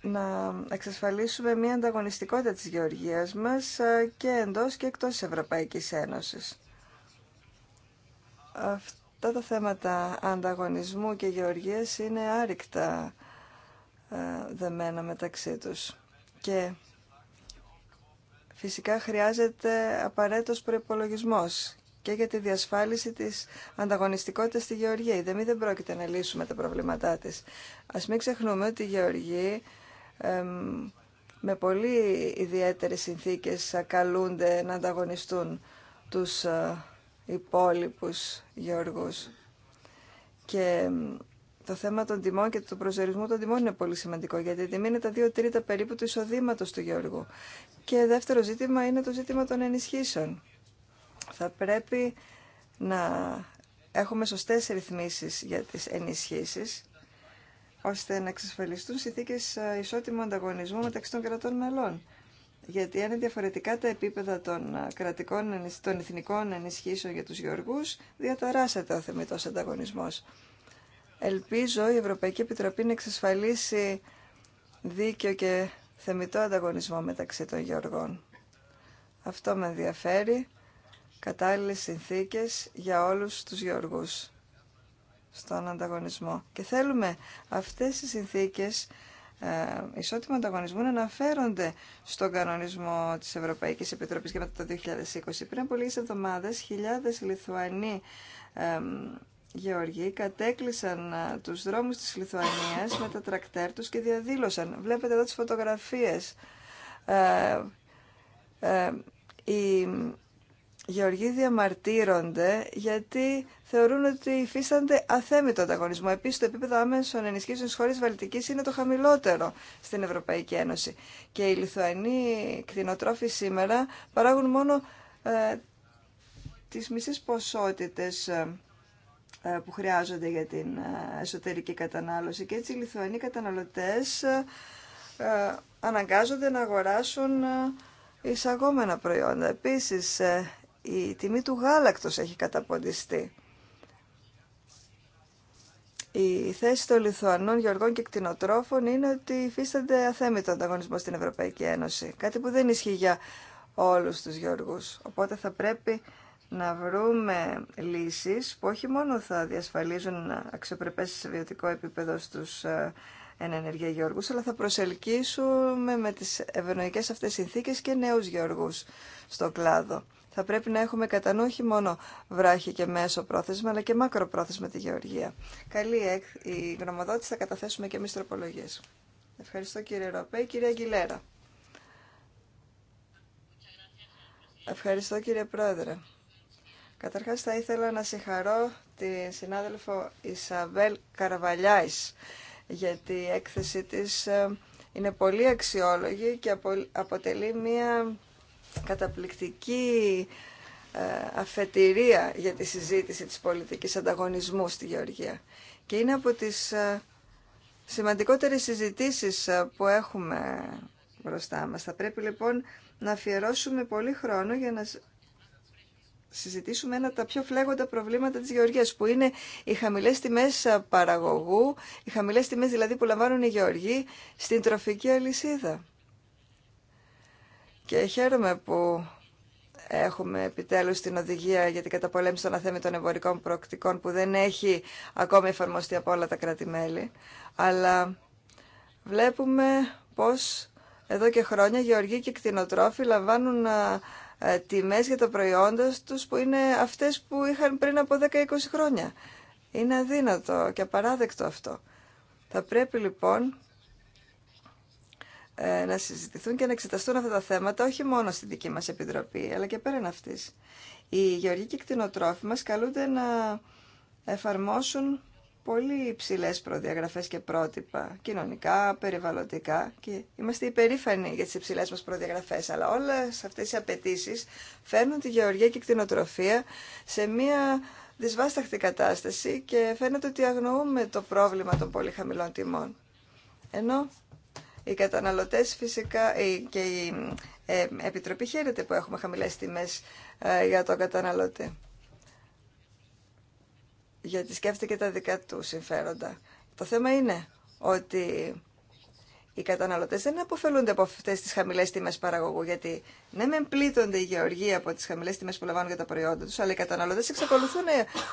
να εξασφαλίσουμε μια ανταγωνιστικότητα της γεωργίας μας ε, και εντός και εκτός της Ευρωπαϊκής Ένωσης. Αυτά τα θέματα ανταγωνισμού και γεωργίας είναι άρρηκτα ε, δεμένα μεταξύ τους. Και φυσικά χρειάζεται απαραίτητος προϋπολογισμός και για τη διασφάλιση της ανταγωνιστικότητας στη Γεωργία. δεν ΔΕΜΗ δεν πρόκειται να λύσουμε τα προβλήματά της. Ας μην ξεχνούμε ότι οι Γεωργοί με πολύ ιδιαίτερες συνθήκες καλούνται να ανταγωνιστούν τους ε, υπόλοιπους Γεωργούς. Και το θέμα των τιμών και του προσδιορισμού των τιμών είναι πολύ σημαντικό, γιατί η τιμή είναι τα δύο τρίτα περίπου του εισοδήματο του Γεωργού. Και δεύτερο ζήτημα είναι το ζήτημα των ενισχύσεων. Θα πρέπει να έχουμε σωστέ ρυθμίσει για τι ενισχύσει, ώστε να εξασφαλιστούν συνθήκε ε, ισότιμου ανταγωνισμού μεταξύ των κρατών μελών. Γιατί αν είναι διαφορετικά τα επίπεδα των, ε, κρατικών, των εθνικών ενισχύσεων για του γεωργούς, διαταράσσεται ο θεμητό ανταγωνισμό. Ελπίζω η Ευρωπαϊκή Επιτροπή να εξασφαλίσει δίκαιο και θεμητό ανταγωνισμό μεταξύ των γεωργών. Αυτό με ενδιαφέρει κατάλληλες συνθήκες για όλους τους γεωργούς στον ανταγωνισμό. Και θέλουμε αυτές οι συνθήκες ε, ισότιμου ανταγωνισμού να αναφέρονται στον κανονισμό της Ευρωπαϊκής Επιτροπής και μετά το 2020. Πριν από λίγες εβδομάδες, χιλιάδες Λιθουανοί ε, Γεωργοί κατέκλυσαν τους δρόμους της Λιθουανίας με τα τρακτέρ τους και διαδήλωσαν. Βλέπετε εδώ τις φωτογραφίες. Ε, ε, οι Γεωργοί διαμαρτύρονται γιατί θεωρούν ότι υφίστανται αθέμητο ανταγωνισμό. Επίσης το επίπεδο άμεσων ενισχύσεων στις χώρες Βαλτικής είναι το χαμηλότερο στην Ευρωπαϊκή Ένωση. Και οι Λιθουανοί κτηνοτρόφοι σήμερα παράγουν μόνο ε, τις μισές ποσότητες ε, ε, που χρειάζονται για την ε, εσωτερική κατανάλωση. Και έτσι οι Λιθουανοί καταναλωτές ε, αναγκάζονται να αγοράσουν εισαγόμενα προϊόντα. Επίσης, η τιμή του γάλακτος έχει καταποντιστεί. Η θέση των Λιθουανών γεωργών και κτηνοτρόφων είναι ότι υφίστανται αθέμητο ανταγωνισμό στην Ευρωπαϊκή Ένωση. Κάτι που δεν ισχύει για όλους τους γεωργούς. Οπότε θα πρέπει να βρούμε λύσεις που όχι μόνο θα διασφαλίζουν αξιοπρεπές βιωτικό επίπεδο στους ε, εν ενεργεία αλλά θα προσελκύσουμε με τις ευνοϊκές αυτές συνθήκες και νέους γεωργούς στο κλάδο. Θα πρέπει να έχουμε κατά νου όχι μόνο βράχη και μέσο πρόθεσμα, αλλά και μακροπρόθεσμα τη γεωργία. Καλή η γνωμοδότηση, θα καταθέσουμε και εμείς τροπολογίες. Ευχαριστώ κύριε Ροπέ. κύριε Αγγιλέρα. Ευχαριστώ κύριε Πρόεδρε. Καταρχάς θα ήθελα να συγχαρώ τη συνάδελφο Ισαβέλ Καραβαλιάης γιατί η έκθεση της ε, είναι πολύ αξιόλογη και αποτελεί μια καταπληκτική ε, αφετηρία για τη συζήτηση της πολιτικής ανταγωνισμού στη Γεωργία. Και είναι από τις ε, σημαντικότερες συζητήσεις που έχουμε μπροστά μας. Θα πρέπει λοιπόν να αφιερώσουμε πολύ χρόνο για να συζητήσουμε ένα από τα πιο φλέγοντα προβλήματα της γεωργίας, που είναι οι χαμηλές τιμές παραγωγού, οι χαμηλές τιμές δηλαδή που λαμβάνουν οι γεωργοί στην τροφική αλυσίδα. Και χαίρομαι που έχουμε επιτέλους την οδηγία για την καταπολέμηση των αθέμητων εμπορικών που δεν έχει ακόμη εφαρμοστεί από όλα τα κράτη-μέλη, αλλά βλέπουμε πώς εδώ και χρόνια γεωργοί και κτηνοτρόφοι λαμβάνουν ε, τιμές για τα προϊόντα τους που είναι αυτές που είχαν πριν από 10-20 χρόνια. Είναι αδύνατο και απαράδεκτο αυτό. Θα πρέπει λοιπόν ε, να συζητηθούν και να εξεταστούν αυτά τα θέματα όχι μόνο στη δική μας Επιτροπή, αλλά και πέραν αυτής. Οι γεωργοί και κτηνοτρόφοι μας καλούνται να εφαρμόσουν πολύ υψηλέ προδιαγραφές και πρότυπα, κοινωνικά, περιβαλλοντικά και είμαστε υπερήφανοι για τι υψηλέ μα προδιαγραφές, αλλά όλες αυτές οι απαιτήσει φέρνουν τη γεωργία και κτηνοτροφία σε μια δυσβάσταχτη κατάσταση και φαίνεται ότι αγνοούμε το πρόβλημα των πολύ χαμηλών τιμών. Ενώ οι καταναλωτές φυσικά ε, και η ε, Επιτροπή χαίρεται που έχουμε χαμηλέ τιμέ ε, για τον καταναλωτή γιατί σκέφτεται και τα δικά του συμφέροντα. Το θέμα είναι ότι οι καταναλωτές δεν αποφελούνται από αυτές τις χαμηλές τιμές παραγωγού, γιατί ναι μεν πλήττονται οι γεωργοί από τις χαμηλές τιμές που λαμβάνουν για τα προϊόντα τους, αλλά οι καταναλωτές εξακολουθούν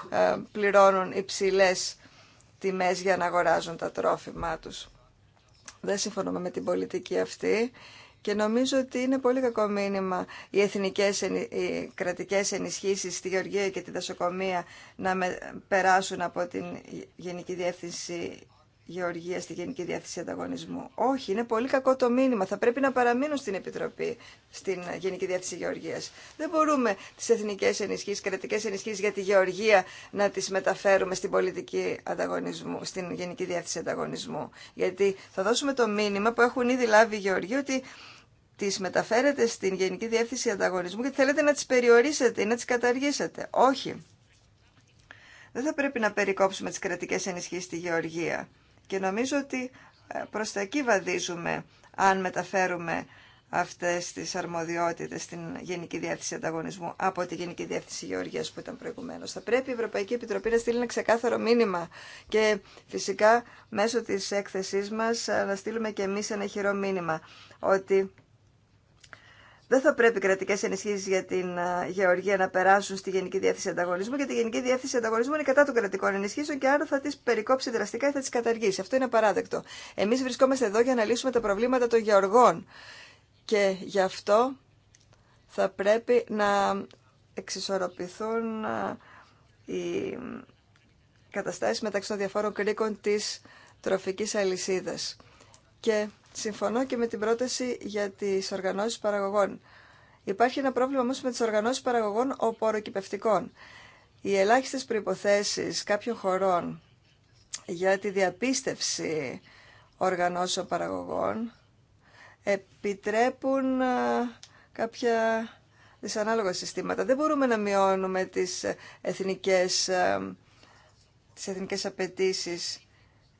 να ε, πληρώνουν υψηλέ τιμές για να αγοράζουν τα τρόφιμά τους. Δεν συμφωνούμε με την πολιτική αυτή και νομίζω ότι είναι πολύ κακό μήνυμα οι εθνικές οι κρατικές ενισχύσεις στη Γεωργία και τη δασοκομεία να περάσουν από την Γενική Διεύθυνση Γεωργία στη Γενική Διάθεση Ανταγωνισμού. Όχι, είναι πολύ κακό το μήνυμα. Θα πρέπει να παραμείνουν στην Επιτροπή, στην Γενική Διάθεση Γεωργία. Δεν μπορούμε τι εθνικέ ενισχύσει, κρατικέ ενισχύσει για τη Γεωργία να τι μεταφέρουμε στην πολιτική ανταγωνισμού, στην Γενική Διάθεση Ανταγωνισμού. Γιατί θα δώσουμε το μήνυμα που έχουν ήδη λάβει οι Γεωργοί ότι τι μεταφέρετε στην Γενική Διεύθυνση Ανταγωνισμού και θέλετε να τι περιορίσετε ή να τι καταργήσετε. Όχι. Δεν θα πρέπει να περικόψουμε τι κρατικέ ενισχύσει στη Γεωργία και νομίζω ότι ε, προς τα εκεί βαδίζουμε αν μεταφέρουμε αυτές τις αρμοδιότητες στην Γενική Διεύθυνση Ανταγωνισμού από τη Γενική Διεύθυνση Γεωργίας που ήταν προηγουμένως. Θα πρέπει η Ευρωπαϊκή Επιτροπή να στείλει ένα ξεκάθαρο μήνυμα και φυσικά μέσω της έκθεσής μας ε, να στείλουμε και εμείς ένα χειρό μήνυμα ότι δεν θα πρέπει κρατικέ ενισχύσει για την Γεωργία να περάσουν στη Γενική Διεύθυνση Ανταγωνισμού, γιατί η Γενική Διεύθυνση Ανταγωνισμού είναι κατά των κρατικών ενισχύσεων και άρα θα τι περικόψει δραστικά ή θα τι καταργήσει. Αυτό είναι απαράδεκτο. Εμεί βρισκόμαστε εδώ για να λύσουμε τα προβλήματα των γεωργών. Και γι' αυτό θα πρέπει να εξισορροπηθούν οι καταστάσεις μεταξύ των διαφόρων κρίκων της τροφικής αλυσίδας. Και Συμφωνώ και με την πρόταση για τις οργανώσεις παραγωγών. Υπάρχει ένα πρόβλημα όμω με τι οργανώσεις παραγωγών οποροκυπευτικών. Οι ελάχιστε προϋποθέσεις κάποιων χωρών για τη διαπίστευση οργανώσεων παραγωγών επιτρέπουν ε, κάποια δυσανάλογα συστήματα. Δεν μπορούμε να μειώνουμε τις εθνικές, ε, τις εθνικές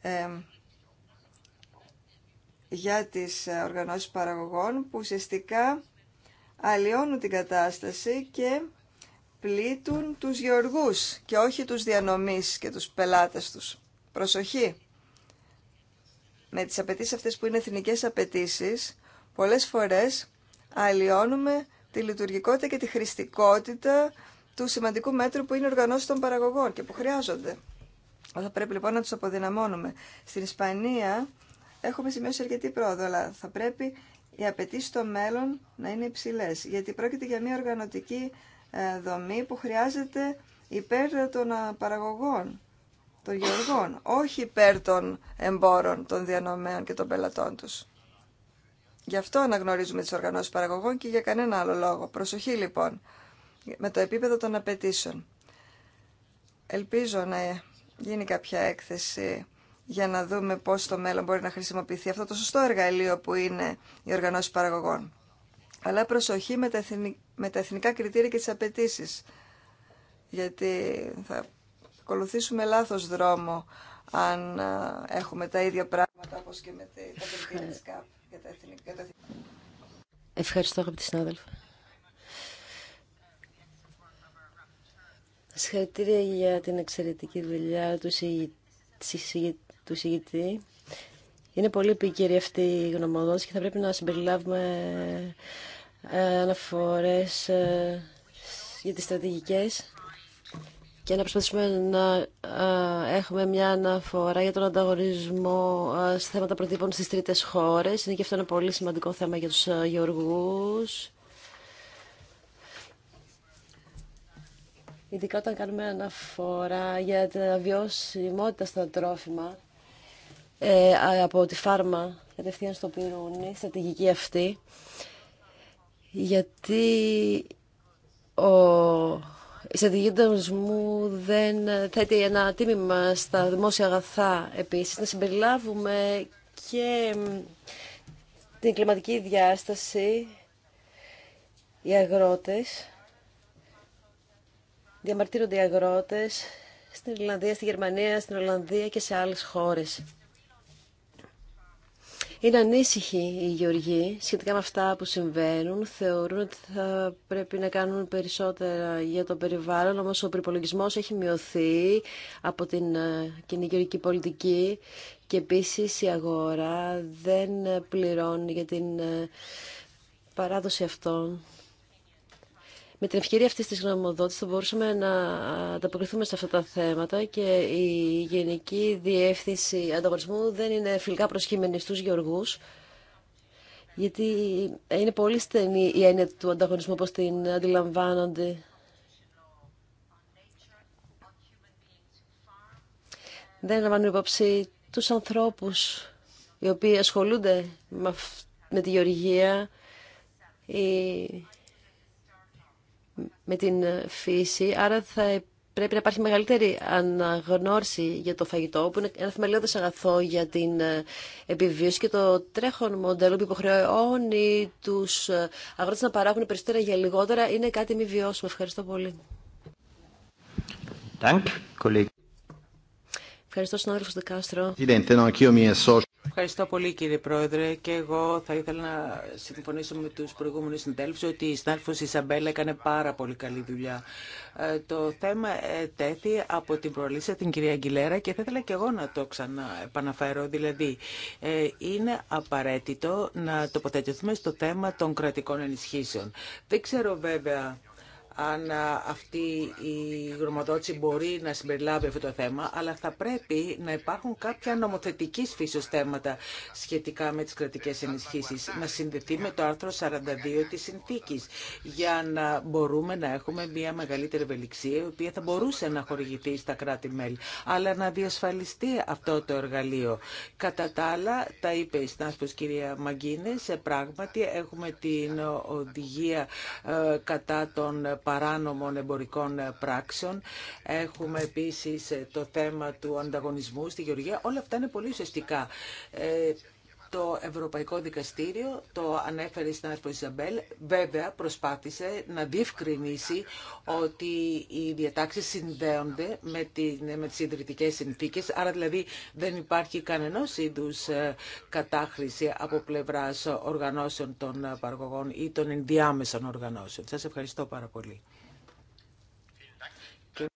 ε, για τις οργανώσεις παραγωγών που ουσιαστικά αλλοιώνουν την κατάσταση και πλήττουν τους γεωργούς και όχι τους διανομής και τους πελάτες τους. Προσοχή! Με τις απαιτήσει αυτές που είναι εθνικές απαιτήσει, πολλές φορές αλλοιώνουμε τη λειτουργικότητα και τη χρηστικότητα του σημαντικού μέτρου που είναι οργανώσει των παραγωγών και που χρειάζονται. Θα πρέπει λοιπόν να τους αποδυναμώνουμε. Στην Ισπανία έχουμε σημειώσει αρκετή πρόοδο, αλλά θα πρέπει οι απαιτήσει στο μέλλον να είναι υψηλέ. Γιατί πρόκειται για μια οργανωτική ε, δομή που χρειάζεται υπέρ των ε, παραγωγών, των γεωργών, όχι υπέρ των εμπόρων, των διανομέων και των πελατών τους. Γι' αυτό αναγνωρίζουμε τις οργανώσεις παραγωγών και για κανένα άλλο λόγο. Προσοχή λοιπόν με το επίπεδο των απαιτήσεων. Ελπίζω να γίνει κάποια έκθεση για να δούμε πώς στο μέλλον μπορεί να χρησιμοποιηθεί αυτό το σωστό εργαλείο που είναι η οργανώση παραγωγών. Αλλά προσοχή με τα εθνικά κριτήρια και τις απαιτήσει. γιατί θα ακολουθήσουμε λάθος δρόμο αν έχουμε τα ίδια πράγματα όπως και με τα κριτήρια για τα εθνικά. Ευχαριστώ αγαπητή συνάδελφα. Συγχαρητήρια για την εξαιρετική δουλειά του του Είναι πολύ επίκαιρη αυτή η γνωμοδότηση και θα πρέπει να συμπεριλάβουμε ε, αναφορές ε, για τις στρατηγικές και να προσπαθήσουμε να ε, έχουμε μια αναφορά για τον ανταγωνισμό σε θέματα προτύπων στις τρίτες χώρες. Είναι και αυτό ένα πολύ σημαντικό θέμα για τους γεωργούς. Ειδικά όταν κάνουμε αναφορά για τα βιώσιμότητα στα τρόφιμα. Ε, από τη φάρμα κατευθείαν στο πυρούνι, στρατηγική αυτή, γιατί ο... η στρατηγική του δεν θέτει ένα τίμημα στα δημόσια αγαθά επίσης, να συμπεριλάβουμε και την κλιματική διάσταση, οι αγρότες, διαμαρτύρονται οι αγρότες στην Ιρλανδία, στη Γερμανία, στην Ολλανδία και σε άλλες χώρες. Είναι ανήσυχοι οι γεωργοί σχετικά με αυτά που συμβαίνουν. Θεωρούν ότι θα πρέπει να κάνουν περισσότερα για το περιβάλλον, όμως ο προπολογισμό έχει μειωθεί από την ε, κοινή γεωργική πολιτική και επίσης η αγορά δεν πληρώνει για την ε, παράδοση αυτών με την ευκαιρία αυτής της γνωμοδότηση θα μπορούσαμε να ανταποκριθούμε σε αυτά τα θέματα και η Γενική Διεύθυνση Ανταγωνισμού δεν είναι φιλικά προσχήμενη στους γεωργούς γιατί είναι πολύ στενή η έννοια του ανταγωνισμού όπως την αντιλαμβάνονται δεν λαμβάνουν υπόψη τους ανθρώπους οι οποίοι ασχολούνται με τη γεωργία, με την ε, φύση, άρα θα ε, πρέπει να υπάρχει μεγαλύτερη αναγνώριση για το φαγητό, που είναι ένα θεμελιώδες αγαθό για την ε, επιβίωση και το τρέχον μοντέλο που υποχρεώνει τους αγρότες να παράγουν περισσότερα για λιγότερα είναι κάτι μη βιώσιμο. Ευχαριστώ πολύ. Ευχαριστώ, συνάδελφος Δεκάστρο. Ευχαριστώ πολύ κύριε Πρόεδρε και εγώ θα ήθελα να συμφωνήσω με τους προηγούμενους συντέλφους ότι η συνάδελφος Ισαμπέλα έκανε πάρα πολύ καλή δουλειά. Ε, το θέμα ε, τέθη από την προλήσα την κυρία Αγγιλέρα και θα ήθελα και εγώ να το ξαναεπαναφέρω. Δηλαδή ε, είναι απαραίτητο να τοποθετηθούμε στο θέμα των κρατικών ενισχύσεων. Δεν ξέρω βέβαια αν αυτή η γνωμοδότηση μπορεί να συμπεριλάβει αυτό το θέμα, αλλά θα πρέπει να υπάρχουν κάποια νομοθετική φύσεως θέματα σχετικά με τις κρατικές ενισχύσεις, να συνδεθεί με το άρθρο 42 της συνθήκης, για να μπορούμε να έχουμε μια μεγαλύτερη ευελιξία, η οποία θα μπορούσε να χορηγηθεί στα κράτη-μέλη, αλλά να διασφαλιστεί αυτό το εργαλείο. Κατά τα άλλα, τα είπε η Στάσπος κυρία σε πράγματι έχουμε την οδηγία ε, κατά των παράνομων εμπορικών ε, πράξεων. Έχουμε επίσης ε, το θέμα του ανταγωνισμού στη Γεωργία. Όλα αυτά είναι πολύ ουσιαστικά. Ε, το Ευρωπαϊκό Δικαστήριο το ανέφερε η Άσπρο Ιζαμπέλ, Βέβαια, προσπάθησε να διευκρινίσει ότι οι διατάξεις συνδέονται με, την, με τις ιδρυτικές συνθήκες, άρα δηλαδή δεν υπάρχει κανένας είδους ε, κατάχρηση από πλευράς οργανώσεων των παραγωγών ή των ενδιάμεσων οργανώσεων. Σας ευχαριστώ πάρα πολύ. Ε,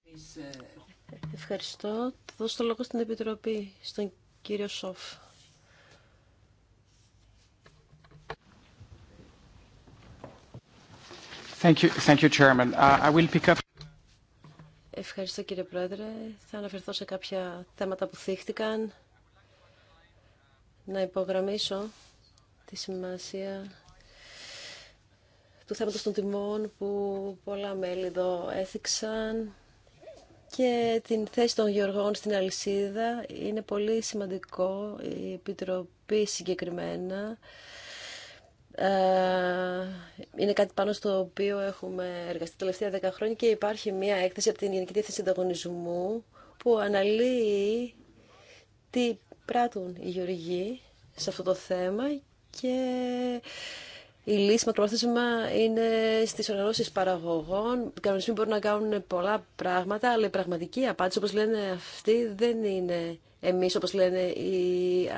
ευχαριστώ. Θα δώσω το λόγο στην Επιτροπή, στον κύριο Σόφ. Ευχαριστώ κύριε Πρόεδρε. Θα αναφερθώ σε κάποια θέματα που θύχτηκαν. Να υπογραμμίσω τη σημασία του θέματος των τιμών που πολλά μέλη εδώ έθιξαν και την θέση των γεωργών στην αλυσίδα. Είναι πολύ σημαντικό η Επιτροπή συγκεκριμένα ε, είναι κάτι πάνω στο οποίο έχουμε εργαστεί τα τελευταία δέκα χρόνια και υπάρχει μία έκθεση από την Γενική Διεύθυνση Ανταγωνισμού που αναλύει τι πράττουν οι γεωργοί σε αυτό το θέμα και η λύση μακροπρόθεσμα είναι στι οργανώσει παραγωγών. Οι κανονισμοί μπορούν να κάνουν πολλά πράγματα, αλλά η πραγματική απάντηση, όπω λένε αυτοί, δεν είναι εμείς όπως λένε οι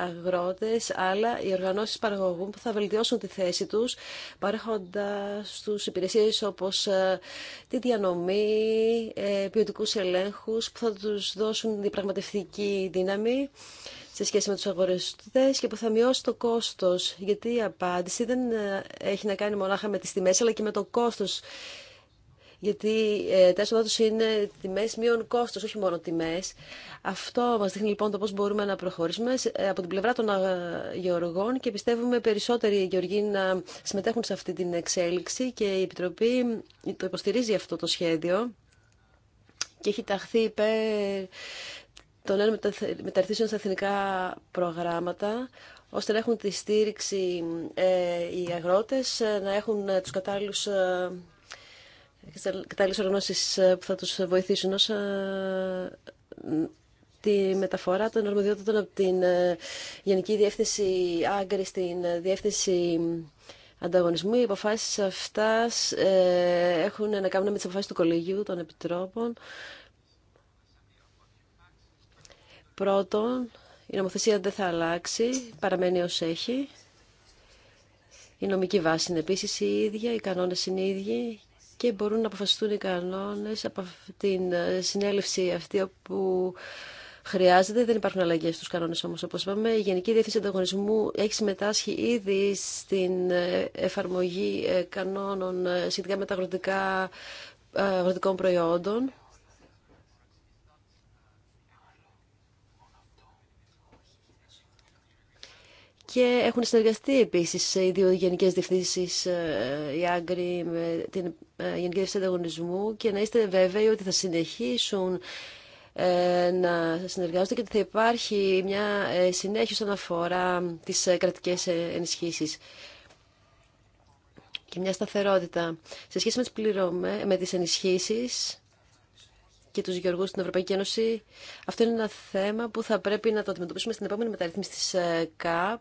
αγρότες, αλλά οι οργανώσεις παραγωγού που θα βελτιώσουν τη θέση τους παρέχοντας τους υπηρεσίες όπως ε, τη διανομή, ε, ποιοτικού ελέγχους που θα τους δώσουν διαπραγματευτική δύναμη σε σχέση με τους αγορευτές και που θα μειώσει το κόστος, γιατί η απάντηση δεν ε, έχει να κάνει μονάχα με τις τιμές αλλά και με το κόστος γιατί ε, τα έσοδα τους είναι τιμές μείων κόστος, όχι μόνο τιμές. Αυτό μας δείχνει λοιπόν το πώς μπορούμε να προχωρήσουμε ε, από την πλευρά των γεωργών και πιστεύουμε περισσότεροι γεωργοί να συμμετέχουν σε αυτή την εξέλιξη και η Επιτροπή το υποστηρίζει αυτό το σχέδιο και έχει ταχθεί υπέρ των νέων μεταρρυθμίσεων στα εθνικά προγράμματα, ώστε να έχουν τη στήριξη ε, οι αγρότες, να έχουν τους κατάλληλους κατάλληλες οργανώσεις ε, που θα τους βοηθήσουν όσα ε, τη μεταφορά των αρμοδιότητων από την ε, Γενική Διεύθυνση Άγκρη στην Διεύθυνση Ανταγωνισμού. Οι αποφάσεις αυτές έχουν να κάνουν με τις αποφάσεις του Κολεγίου των Επιτρόπων. Πρώτον, η νομοθεσία δεν θα αλλάξει, παραμένει ως έχει. Η νομική βάση είναι επίσης η ίδια, οι κανόνες είναι οι ίδιοι και μπορούν να αποφασιστούν οι κανόνες από την ε, συνέλευση αυτή που χρειάζεται. Δεν υπάρχουν αλλαγές στους κανόνες όμως, όπως είπαμε. Η Γενική Διεύθυνση Ανταγωνισμού έχει συμμετάσχει ήδη στην ε, εφαρμογή ε, κανόνων σχετικά με τα αγροτικά, αγροτικών προϊόντων και έχουν συνεργαστεί επίσης οι δύο γενικέ διευθύνσεις, η ε, Άγκρη με την ε, Γενική Διευθύνση Ανταγωνισμού και να είστε βέβαιοι ότι θα συνεχίσουν ε, να συνεργάζονται και ότι θα υπάρχει μια συνέχεια όσον αφορά τι κρατικές ενισχύσει. και μια σταθερότητα. Σε σχέση με τις, πληρωμέ, με τις ενισχύσεις, και του γεωργού στην Ευρωπαϊκή Ένωση. Αυτό είναι ένα θέμα που θα πρέπει να το αντιμετωπίσουμε στην επόμενη μεταρρύθμιση τη ε, ΚΑΠ.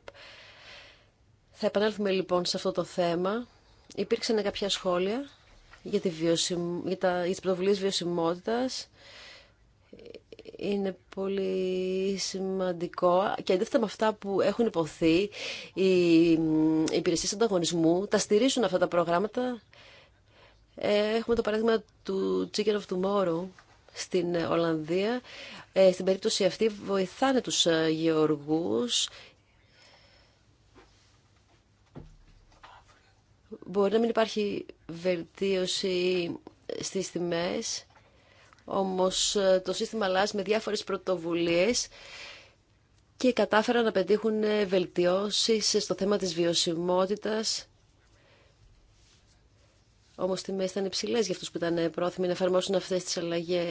Θα επανέλθουμε λοιπόν σε αυτό το θέμα. Υπήρξαν κάποια σχόλια για, τη βιωσιμ... για, τις πρωτοβουλίες βιωσιμότητας. Είναι πολύ σημαντικό και αντίθετα με αυτά που έχουν υποθεί οι, οι υπηρεσίες ανταγωνισμού τα στηρίζουν αυτά τα προγράμματα. Ε, έχουμε το παράδειγμα του Chicken of Tomorrow στην Ολλανδία. Ε, στην περίπτωση αυτή βοηθάνε τους ε, γεωργούς Μπορεί να μην υπάρχει βελτίωση στις τιμές, όμως ε, το σύστημα αλλάζει με διάφορες πρωτοβουλίες και κατάφεραν να πετύχουν βελτιώσεις στο θέμα της βιωσιμότητας όμως τιμέ ήταν υψηλέ για αυτού που ήταν πρόθυμοι να εφαρμόσουν αυτές τις αλλαγέ.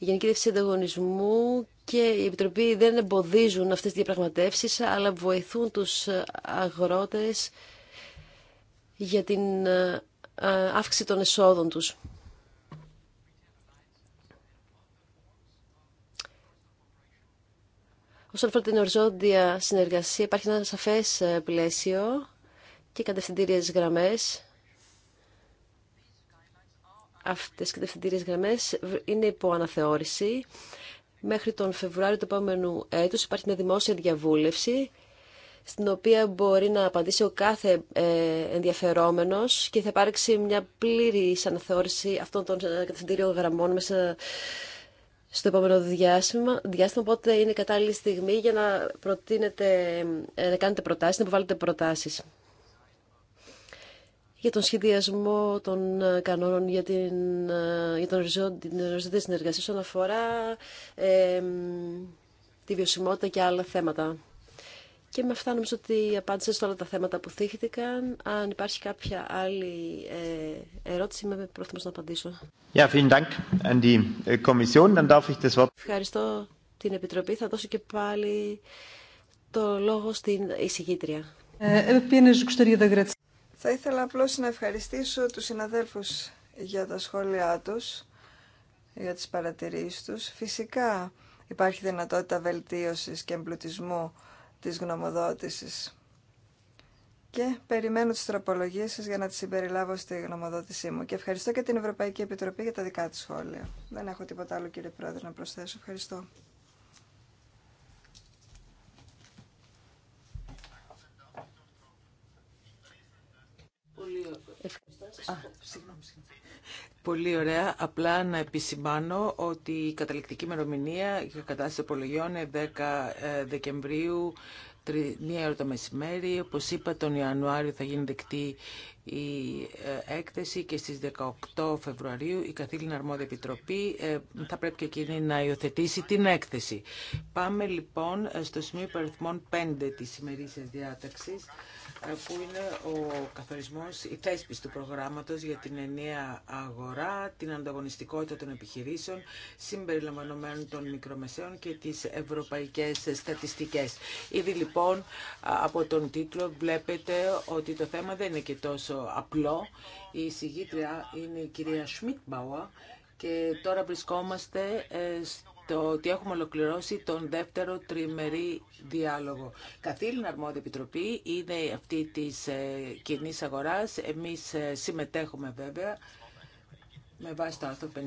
Η Γενική Διευθυνσία Ανταγωνισμού και η Επιτροπή δεν εμποδίζουν αυτές τις διαπραγματεύσεις, αλλά βοηθούν τους αγρότες για την ε, αύξηση των εσόδων τους. Όσον αφορά την οριζόντια συνεργασία, υπάρχει ένα σαφές ε, πλαίσιο και κατευθυντήριε γραμμές. αυτέ οι κατευθυντήριε γραμμές είναι υπό αναθεώρηση. Μέχρι τον Φεβρουάριο του επόμενου έτου, υπάρχει μια δημόσια διαβούλευση στην οποία μπορεί να απαντήσει ο κάθε ε, ενδιαφερόμενος και θα υπάρξει μια πλήρη αναθεώρηση αυτών των ε, κατευθυντήριων γραμμών μέσα στο επόμενο διάστημα, διάστημα οπότε είναι κατάλληλη στιγμή για να, προτείνετε, ε, να κάνετε προτάσεις, να υποβάλλετε προτάσεις για τον σχεδιασμό των ε, κανόνων για, την, ε, για τον οριζόντια συνεργασία όσον αφορά τη βιωσιμότητα και άλλα θέματα. Και με αυτά νομίζω ότι απάντησα σε όλα τα θέματα που θύχτηκαν. Αν υπάρχει κάποια άλλη ε, ερώτηση, είμαι πρόθυμος να απαντήσω. Ευχαριστώ την Επιτροπή. Θα δώσω και πάλι το λόγο στην εισηγήτρια. Θα ήθελα απλώς να ευχαριστήσω τους συναδέλφους για τα σχόλιά τους, για τις παρατηρήσεις τους. Φυσικά υπάρχει δυνατότητα βελτίωσης και εμπλουτισμού της γνωμοδότησης. Και περιμένω τις τροπολογίες σας για να τις συμπεριλάβω στη γνωμοδότησή μου. Και ευχαριστώ και την Ευρωπαϊκή Επιτροπή για τα δικά της σχόλια. Δεν έχω τίποτα άλλο κύριε Πρόεδρε να προσθέσω. Ευχαριστώ. Πολύ ωραία. Απλά να επισημάνω ότι η καταληκτική ημερομηνία για κατάσταση απολογιών είναι 10 ε, Δεκεμβρίου, μία ώρα το μεσημέρι. Όπω είπα, τον Ιανουάριο θα γίνει δεκτή η ε, έκθεση και στις 18 Φεβρουαρίου η Καθήλυνα Αρμόδια Επιτροπή ε, θα πρέπει και εκείνη να υιοθετήσει την έκθεση. Πάμε λοιπόν στο σημείο υπαριθμών 5 της ημερήσιας διάταξης που είναι ο καθορισμός, η θέσπιση του προγράμματος για την ενιαία αγορά, την ανταγωνιστικότητα των επιχειρήσεων, συμπεριλαμβανομένων των μικρομεσαίων και τις ευρωπαϊκές στατιστικές. Ήδη λοιπόν από τον τίτλο βλέπετε ότι το θέμα δεν είναι και τόσο απλό. Η συγγήτρια είναι η κυρία Σμιτμπάουα και τώρα βρισκόμαστε ε, το ότι έχουμε ολοκληρώσει τον δεύτερο τριμερή διάλογο. Καθήλυνα αρμόδια επιτροπή είναι αυτή της ε, κοινή αγοράς. Εμείς ε, συμμετέχουμε βέβαια με βάση το άρθρο 57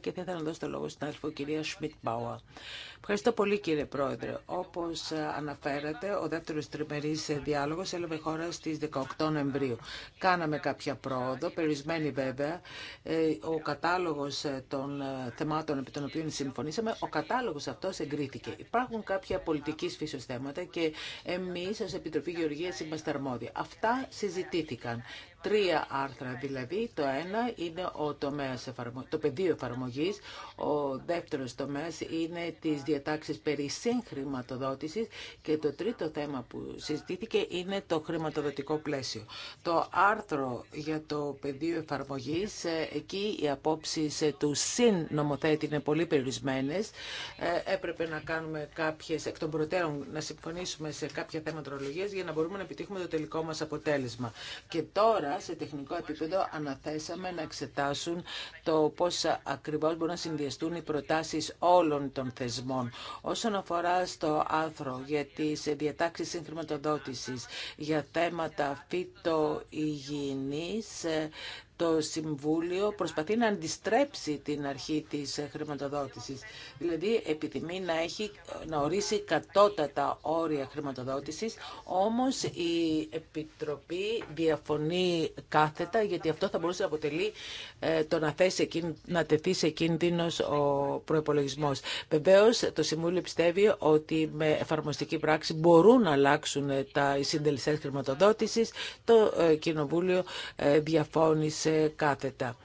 και θα ήθελα να δώσω το λόγο στην άρθρο κυρία Σμιτ Μπάουα. Ευχαριστώ πολύ κύριε Πρόεδρε. Όπως ε, αναφέρατε, ο δεύτερος τριμερής ε, διάλογος έλαβε χώρα στις 18 Νοεμβρίου. Κάναμε κάποια πρόοδο, περιορισμένη βέβαια. Ε, ο κατάλογος των θεμάτων επί των οποίων συμφωνήσαμε, ο κατάλογο αυτό εγκρίθηκε. Υπάρχουν κάποια πολιτικής φύσεως θέματα και εμείς ως Επιτροπή Γεωργίας είμαστε αρμόδιοι. Αυτά συζητήθηκαν τρία άρθρα. Δηλαδή, το ένα είναι ο τομέας, το πεδίο εφαρμογή, ο δεύτερο τομέα είναι τι διατάξει περί συγχρηματοδότηση. και το τρίτο θέμα που συζητήθηκε είναι το χρηματοδοτικό πλαίσιο. Το άρθρο για το πεδίο εφαρμογή, ε, εκεί οι απόψει ε, του συνομοθέτη είναι πολύ περιορισμένε. Ε, έπρεπε να κάνουμε κάποιε εκ των προτέρων, να συμφωνήσουμε σε κάποια θέματα για να μπορούμε να επιτύχουμε το τελικό μα αποτέλεσμα. Και τώρα σε τεχνικό επίπεδο αναθέσαμε να εξετάσουν το πώς ακριβώς μπορούν να συνδυαστούν οι προτάσεις όλων των θεσμών. Όσον αφορά στο άρθρο για τις διατάξεις συγχρηματοδότησης για θέματα φυτοϊγιεινής, το Συμβούλιο προσπαθεί να αντιστρέψει την αρχή της χρηματοδότησης. Δηλαδή επιθυμεί να, έχει, να ορίσει κατώτατα όρια χρηματοδότησης, όμως η Επιτροπή διαφωνεί κάθετα, γιατί αυτό θα μπορούσε να αποτελεί ε, το να, θέσει, να τεθεί σε κίνδυνο ο προϋπολογισμός. Βεβαίως, το Συμβούλιο πιστεύει ότι με εφαρμοστική πράξη μπορούν να αλλάξουν ε, τα, οι συντελεστές χρηματοδότησης. Το ε, Κοινοβούλιο διαφώνησε κάθετα.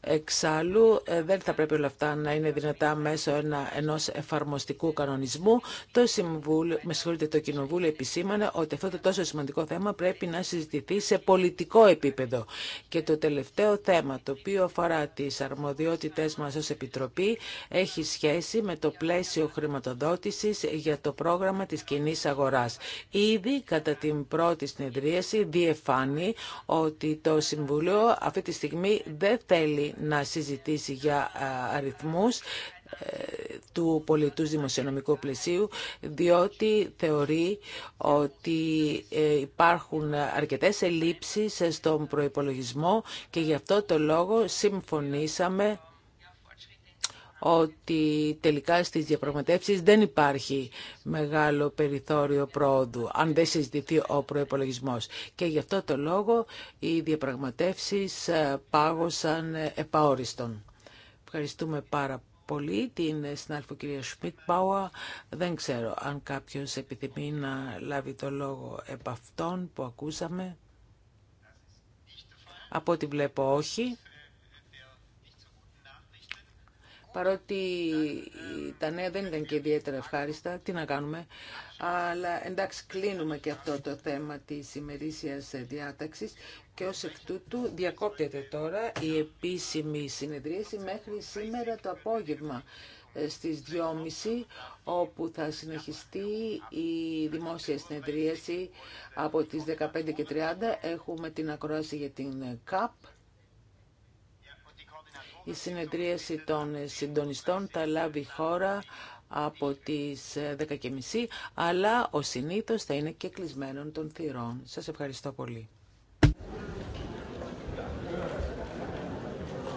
Εξάλλου, ε, δεν θα πρέπει όλα αυτά να είναι δυνατά μέσω ενός εφαρμοστικού κανονισμού. Το, Συμβούλιο, με συγχωρείτε, το Κοινοβούλιο επισήμανε ότι αυτό το τόσο σημαντικό θέμα πρέπει να συζητηθεί σε πολιτικό επίπεδο. Και το τελευταίο θέμα, το οποίο αφορά τις αρμοδιότητες μας ως Επιτροπή, έχει σχέση με το πλαίσιο χρηματοδότησης για το πρόγραμμα της κοινή αγοράς. Ήδη κατά την πρώτη συνεδρίαση διεφάνει ότι το Συμβούλιο αυτή τη στιγμή δεν θέλει να συζητήσει για αριθμούς ε, του πολιτού δημοσιονομικού πλαισίου διότι θεωρεί ότι ε, υπάρχουν αρκετές ελλείψεις στον προϋπολογισμό και γι' αυτό το λόγο συμφωνήσαμε ότι τελικά στις διαπραγματεύσεις δεν υπάρχει μεγάλο περιθώριο πρόοδου αν δεν συζητηθεί ο προϋπολογισμός. Και γι' αυτό το λόγο οι διαπραγματεύσεις ε, πάγωσαν ε, επαόριστον. Ευχαριστούμε πάρα πολύ την συνάδελφο κυρία Σμιτ Πάουα. Δεν ξέρω αν κάποιος επιθυμεί να λάβει το λόγο επ' αυτόν που ακούσαμε. Από ό,τι βλέπω όχι. παρότι τα νέα δεν ήταν και ιδιαίτερα ευχάριστα, τι να κάνουμε. Αλλά εντάξει, κλείνουμε και αυτό το θέμα της ημερήσιας διάταξης και ως εκ τούτου διακόπτεται τώρα η επίσημη συνεδρίαση μέχρι σήμερα το απόγευμα ε, στις 2.30 όπου θα συνεχιστεί η δημόσια συνεδρίαση από τις 15.30 έχουμε την ακρόαση για την ΚΑΠ η συνεδρίαση των συντονιστών θα λάβει χώρα από τις 10.30, αλλά ο συνήθως θα είναι και κλεισμένων των θυρών. Σας ευχαριστώ πολύ.